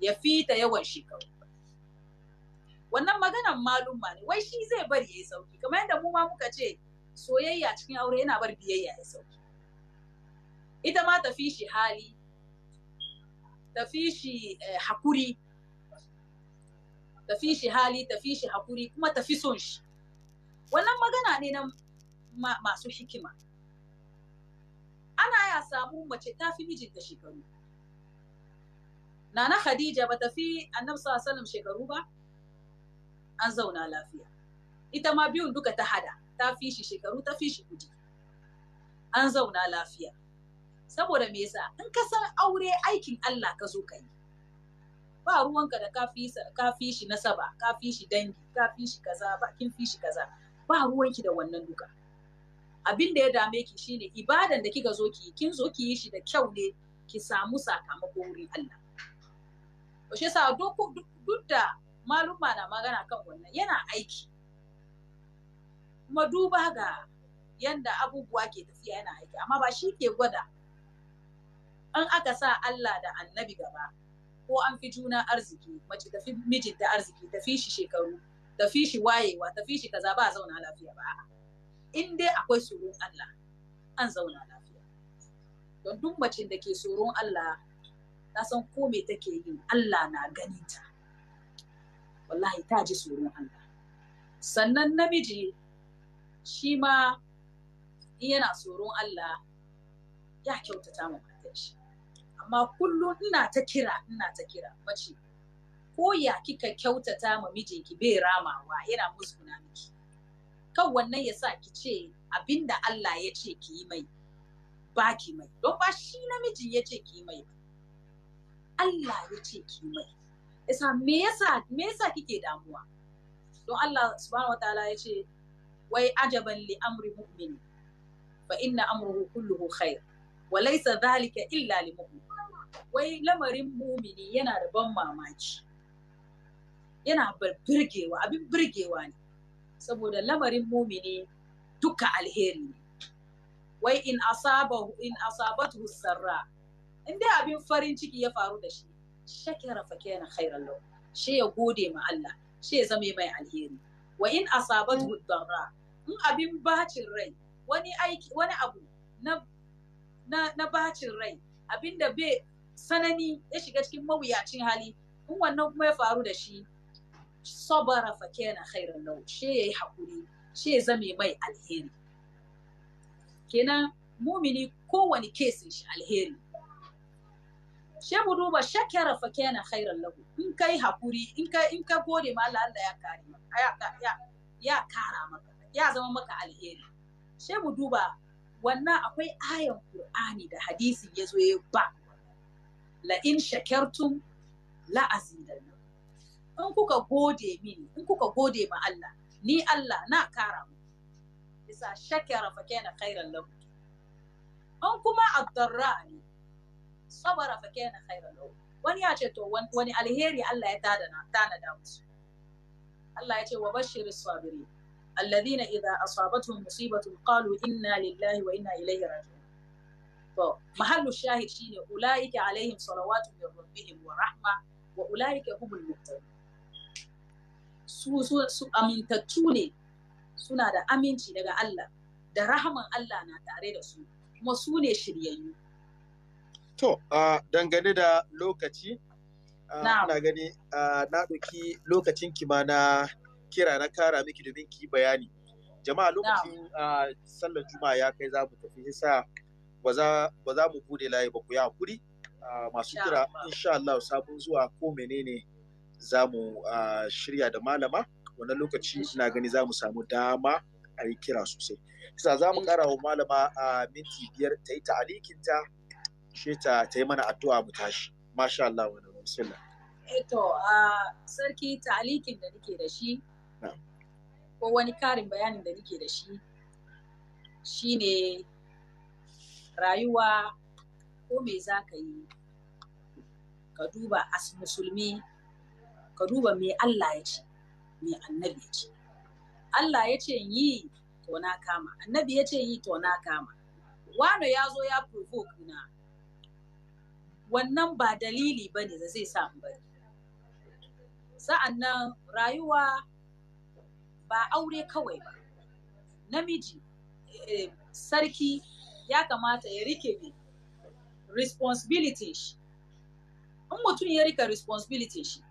ya fi ta yawan shekaru wannan maganan malumma ne wai shi zai bari yi sauki kamar yadda mu ma muka ce soyayya cikin aure yana bar biyayya ya sauki ita ma tafi shi hali tafi shi eh, hakuri tafi shi hali tafi shi hakuri kuma tafi son shi wannan magana ne na masu hikima ana ya samu mace ta fi mijinta shekaru nana khadija ba ta fi annabi sallallahu shekaru ba an zauna lafiya ita ma biyun duka ta hada ta fi shi shekaru ta fi shi kudi an zauna lafiya saboda me yasa in ka san aure aikin Allah ka zo ka yi ba ruwanka da ka fi shi nasaba ka fi shi dangi ka fi shi kaza ba kin fi shi kaza ba ruwanki da wannan duka abin da ya dame ki shine ibadan da kika zo ki kin zo ki yi shi da kyau ne ki samu sakamako wurin Allah to shi yasa duk da maluma na magana kan wannan yana aiki kuma duba ga yanda abubuwa ke tafiya yana aiki amma ba shi ke gwada an aka sa Allah da annabi gaba ko an fi juna arziki mace tafi mijinta arziki tafi shi shekaru tafi shi wayewa tafi shi kaza ba zauna lafiya ba in dai akwai tsoron Allah an zauna lafiya don duk macin da ke tsoron Allah ta san ko me take yi Allah na ganin ta wallahi ta ji tsoron Allah sannan namiji shi ma in yana tsoron Allah ya kyautata ma matar shi amma kullum ina ta kira ina ta kira mace ko ya kika kyautata ma mijinki bai ramawa yana musguna miki kan wannan ya sa ki ce abinda Allah ya ce ki yi mai ba ki mai don ba shi namijin ya ce ki yi mai ba Allah ya ce ki yi mai yasa me yasa me yasa kike damuwa don Allah subhanahu wataala ya ce wai ajaban li amri mu'min fa inna amruhu kulluhu khair wa laysa dhalika illa lil mu'min wai lamarin mu'mini yana da ban mamaki yana birgewa abin birgewa ne saboda lamarin mumini duka alheri ne wai in asabahu in asabathu sarra in dai abin farin ciki ya faru da shi shakira fa kana khairan lahu shi ya gode ma Allah shi ya zama mai alheri wa in asabathu darra in abin bacin rai wani aiki wani abu na na, na bacin rai abinda bai sanani ya shiga cikin mawuyacin hali in wannan kuma ya faru da shi sabara fa kana khairan lahu shi yayi hakuri shi ya zame mai alheri kenan mumini kowane kesin shi alheri she mu duba shakara fa kana khairan lahu in kai hakuri in ka in ka gode ma Allah Allah ya kare maka ya ya kara maka ya zama maka alheri she mu duba wannan akwai ayan Qur'ani da hadisi ya zo ya ba la in shakartum la azidanna in kuka gode mini in kuka gode ma Allah ni Allah na kara mu bisa shakara fa kana khairan lahu in kuma addarra ne sabara fa kana khairan lahu wani ya ce to wani alheri Allah ya tadana tanada musu Allah ya ce wa bashiris sabirin alladhina idza asabatuhum musibatun qalu inna lillahi wa inna ilaihi raji'un to mahallu shahid shine ulaika alaihim salawatu min rabbihim wa rahma wa ulaika humul muhtadun su su amintattu ne suna da aminci daga Allah da rahaman Allah na tare da su kuma su ne shiryayyu to dangane da lokaci na gani na ɗauki lokacin ma na kira na kara miki domin ki bayani jama'a lokacin sallar juma'a ya kai za mu tafi yasa ba za mu bude layi ba ku yi hakuri masu kira insha Allah sabon zuwa ko menene za mu shirya da malama wani lokaci ina gani za mu samu dama a yi kira sosai Kisa za mu kara wa malama a minti biyar ta yi ta'alikinta shi ta ta yi mana addu'a mu tashi masha Allah wa bismillah eto eh a sarki ta'alikin da nake da shi ko wani karin bayanin da nake da shi shine rayuwa ko me za ka yi ka duba as musulmi ka duba me Allah ya ce me annabi ya ce Allah ya ce yi to na kama annabi ya ce yi to na kama wano ya zo ya provoke na wannan ba dalili ba ne da zai mu bari sa'an nan rayuwa ba aure kawai ba namiji eh, sarki ya kamata ya rike ne responsibility shi in mutum ya rika responsibility shi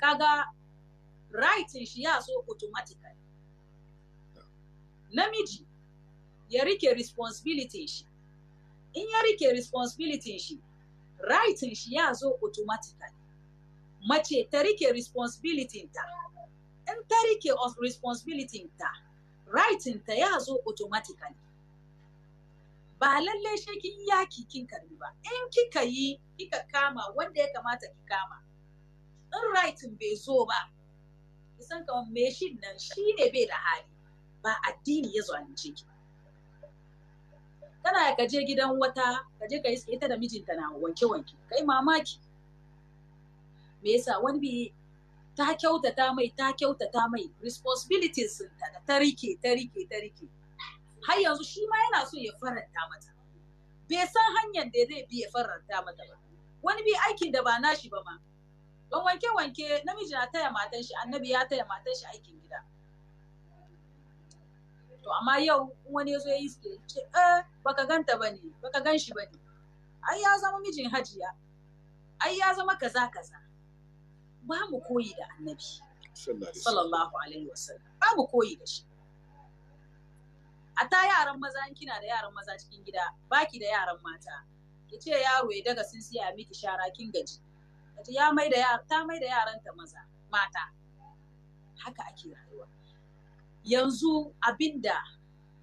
kaga writing shi ya so automatically namiji ya rike responsibility shi in ya rike responsibility shi writing shi ya zo automatically mace ta rike responsibility ta in ta rike of responsibility ta writing ta ya zo automatically ba lallai shi kin yaki kin karbi ba in kika yi kika kama wanda ya kamata ki kama in writing bai zo ba kisan ka me shi nan shi ne bai da hali ba addini ya zalunce ki kana ka je gidan wata ka je ka yi ita da mijinta na wanke wanke kai mamaki me yasa wani bi ta kyautata mai ta kyautata mai responsibilities ta da ta rike ta rike ta rike har yanzu shi ma yana so ya faranta mata bai san hanyar da zai bi ya faranta mata ba wani bi aikin da ba nashi ba ma don wanke wanke namiji na taya matan shi annabi ya taya matan shi aikin gida to amma yau wani ya zo ya yi suke ce eh baka ganta bane baka gan shi bane ai ya zama mijin hajiya ai ya zama kaza kaza ba mu koyi da annabi sallallahu alaihi wasallam ba mu koyi da shi a ta yaran maza in kina da yaran maza cikin gida baki da yaran mata ki ce yaro ya daga sun siya miki shara kin gaji ya mai da ta mai da yaranta maza mata haka ake rayuwa yanzu abinda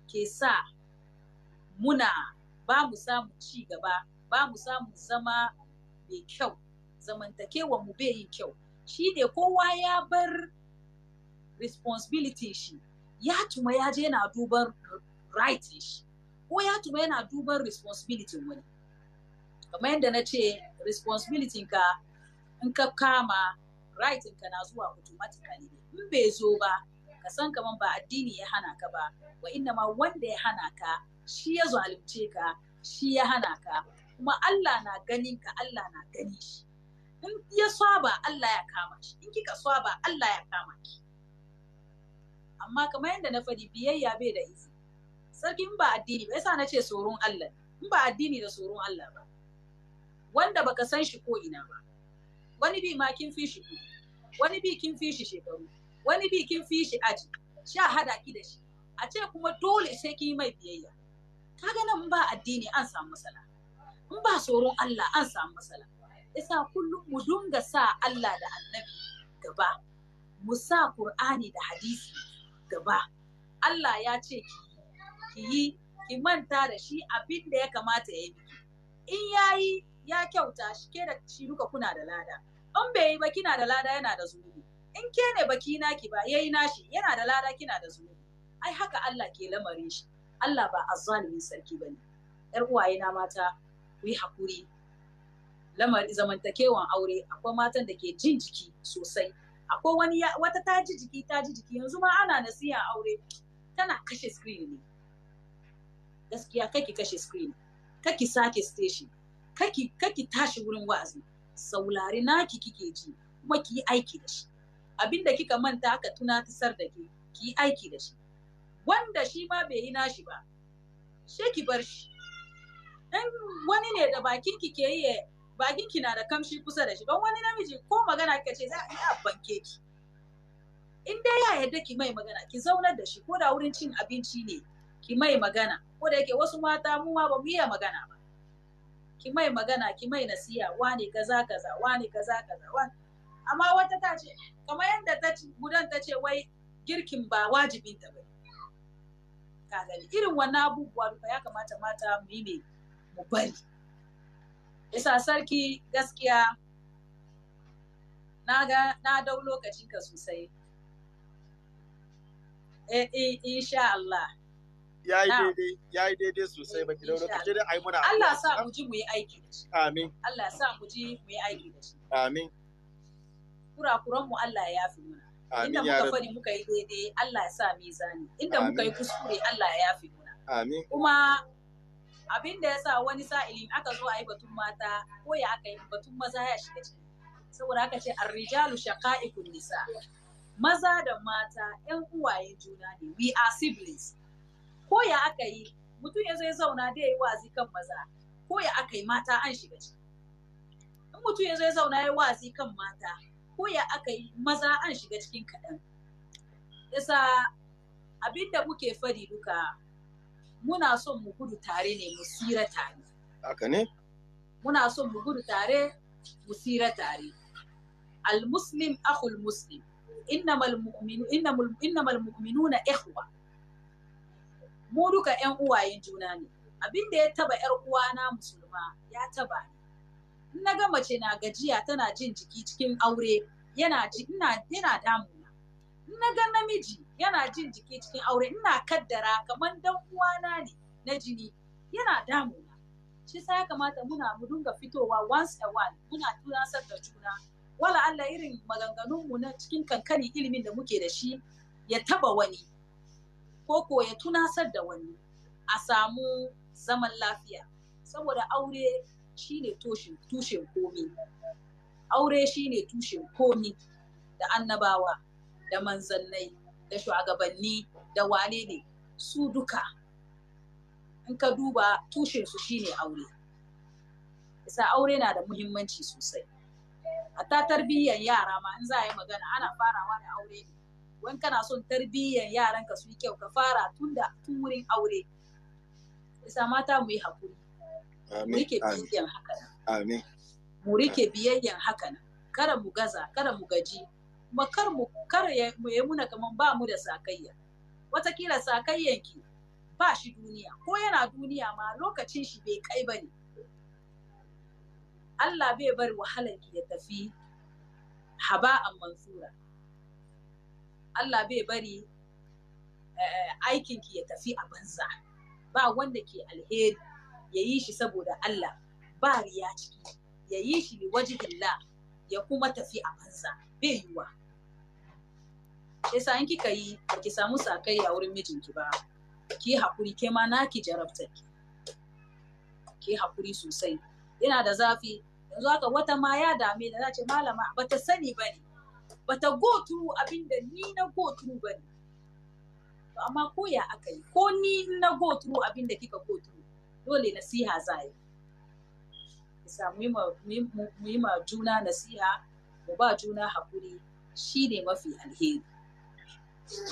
ke sa muna ba mu samun ci gaba ba mu samun zama mai kyau zamantakewa mu bai yi kyau shi ne kowa ya bar responsibility shi ya tuma ya je yana duban right shi ko ya tuma yana duban responsibility wani kamar yadda na ce responsibility ka in ka kama right ka na zuwa automatically in bai zo ba ka san kaman ba addini ya hana ka ba wa inna ma wanda ya hana ka shi ya zalunce ka shi ya hana ka kuma Allah na ganin ka Allah na gani shi in ya saba Allah ya kama shi in kika saba Allah ya kama ki amma kamar yadda na faɗi biyayya bai da izi sarki ba addini ba yasa na ce tsoron Allah in ba addini da tsoron Allah ba wanda baka san shi ko ina ba wani bi ma kin fi wani bi kin fi shekaru wani bi kin fi aji sha hada ki da shi a ce kuma dole sai kin mai biyayya kaga nan ba addini an samu matsala in ba tsoron Allah an samu matsala isa kullum mu dunga sa Allah da annabi gaba mu sa Qur'ani da hadisi gaba Allah ya ce ki yi ki manta da shi abin da ya kamata ya yi in yayi ya kyauta shi ke da shi duka kuna da lada in bai yi ba kina da lada yana da zunubi in ke ne baki naki ba yayi nashi yana da lada kina da zunubi ai haka Allah ke lamarin shi Allah ba azzalimin sarki bane yar uwaye na mata ku yi hakuri lamar zamantakewan aure akwai matan da ke jin jiki sosai akwai wani wata ta ji jiki ta ji jiki yanzu ma ana nasiya aure tana kashe screen ne gaskiya kake kashe screen kake sake station kake kake tashi wurin wa'azi saulari naki kike ji kuma ki yi aiki da shi abinda kika manta aka tuna da ke ki yi aiki da shi wanda shi ma bai yi nashi ba she ki bar shi dan wani ne da bakin ki ke yi bakin ki na da kamshi kusa da shi don wani namiji ko magana kika ce za a banke ki in dai ya yarda ki mai magana ki zaunar da shi ko da wurin cin abinci ne ki mai magana ko da yake wasu mata mu ma ba mu iya magana ba ki mai magana ki mai nasiya wani kaza kaza wani kaza kaza wani amma wata ta ce kamar yadda ta gudan ta ce wai girkin ba wajibin ta bane ka gani irin wannan abubuwa duka ya kamata mata mu yi ne mu bari isa sarki gaskiya na ga na dau lokacin ka sosai eh, eh insha Allah ya yi daidai ya yi daidai sosai baki da lokaci dai ai muna Allah sa mu ji mu yi aiki da shi amin Allah sa mu ji mu yi aiki da shi amin kurakuran mu Allah ya yafi muna inda muka fari muka yi daidai Allah ya sa mizani inda muka yi kuskure Allah ya yafi muna amin kuma abin da ya sa wani sa'ilin aka zo a yi batun mata ko ya aka yi batun maza ya shiga ciki saboda aka ce arrijalu shaqa'ikun nisa maza da mata yan uwaye juna ne we are siblings ko ya aka yi mutum ya zai zauna da ya yi wazi kan maza ko ya aka yi mata an shiga ciki in mutum ya zai zauna ya yi wazi kan mata ko ya aka yi maza an shiga cikin kaɗan yasa abin da muke fari duka muna son mu gudu tare ne mu sira tare haka ne muna son mu gudu tare mu sira tare al muslim akhul muslim innamal mu'minu innamal mu'minuna ikhwa mu duka yan uwayen juna ne abin da ya taba yar uwana musulma ya taba ni in na ga mace na gajiya tana jin jiki cikin aure yana ji ina yana damuna in na ga namiji yana jin jiki cikin aure ina kaddara kamar dan uwana ne na jini yana damuna shi sa ya kamata muna mu dinga fitowa once a while muna tunasar da juna wala Allah irin maganganun mu na cikin kankani ilimin da muke da shi ya taba wani ko ko ya tunasar da wani a samu zaman lafiya saboda aure shine tushen komi aure shine tushen komi da annabawa da manzannai da shugabanni da wane ne su duka in ka duba tushen su shine aure isa aure na da muhimmanci sosai a ta tarbiyyar yara ma in za a yi magana ana farawa da aure ne wani kana son tarbiyyar yaran ka su kyau ka fara tun da tun wurin aure isa mata mu yi hakuri mu rike biyayyan haka na. mu biyayyan haka nan kada mu gaza kada mu gaji kuma kar mu kar mu yi muna kaman ba mu da sakayya watakila sakayyan ki ba shi duniya ko yana duniya ma lokacin shi bai kai bane Allah bai bari wahalar ki ya tafi haba haba'an mansura Allah bai bari eh, aikinki ya tafi a banza ba wanda ke alheri ya yi shi saboda Allah ba riya ciki ya yi shi ne waje ya kuma tafi a banza bai yiwa yasa in kika yi ki samu a wurin mijinki ba ki hakuri ke ma naki jarabta ki ki hakuri sosai yana da zafi yanzu haka wata ma ya dame da zace ce malama ba ta sani ba ne bata go through abin ni na go through ba ne to amma ko ya aka yi ko ni na go through abin kika go through dole nasiha za yi isa mu yi ma juna nasiha mu ba juna hakuri shine mafi alheri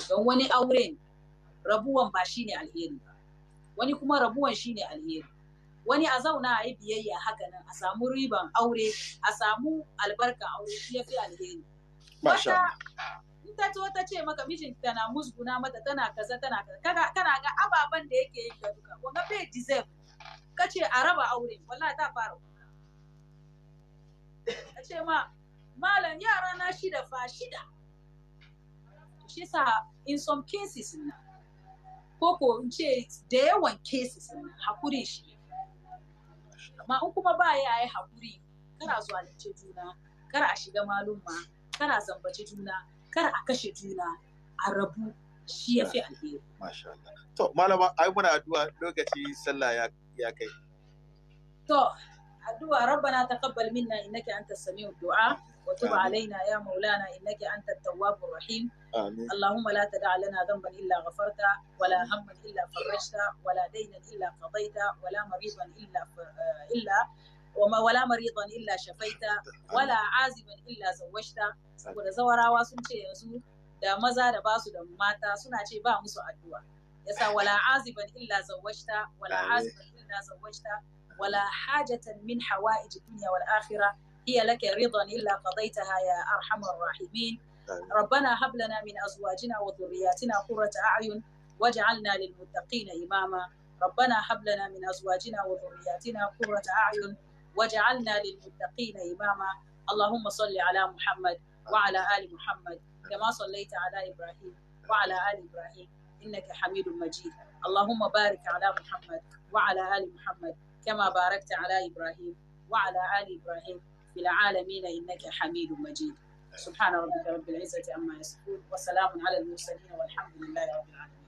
don wani auren rabuwan ba shine alheri ba wani kuma rabuwan shine alheri wani a zauna a yi biyayya haka nan a samu riban aure a samu albarka aure shi ya fi alheri Masha ta ta ce maka mijinta na musguna mata tana kaza tana kaza kana ga ababen da yake yi ga duka wanda bai deserve ka ce a raba aure wallahi ta fara ka ce ma malam yara na shida fa shida shi sa in some cases na ko ko in ce da yawan cases na hakuri shi amma in kuma ba ya yi hakuri kar a zalunce juna kar a shiga malum ma kar a zambaci juna kar a kashe juna a rabu shi ya fi to malama ai muna addu'a lokaci sallah ya kai to addu'a rabbana taqabbal minna innaka antas samiu du'a wa tub alaina ya maulana innaka antat tawwabur rahim اللهم لا تدع لنا ذنبا الا غفرته ولا هما الا فرجته wala دينا illa قضيته ولا مريضا الا illa. وما ولا مريضا الا شفيتا ولا عازبا الا زوجتا saboda zawarawa sun ce yanzu da maza da basu da mata suna ce ba musu addu'a yasa wala aziban illa zawajta wala aziban illa zawajta wala hajatan min hawaij dunya wal akhirah hiya laka ridan illa qadaytaha ya arhamar rahimin ربنا هب لنا من ازواجنا وذرياتنا قرة اعين واجعلنا للمتقين اماما ربنا هب لنا من ازواجنا وذرياتنا قرة اعين وجعلنا للمتقين إماما اللهم صل على محمد وعلى آل محمد كما صليت على إبراهيم وعلى آل إبراهيم إنك حميد مجيد اللهم بارك على محمد وعلى آل محمد كما باركت على إبراهيم وعلى آل إبراهيم في العالمين إنك حميد مجيد سبحان ربك رب العزة عما يصفون وسلام على المرسلين والحمد لله رب العالمين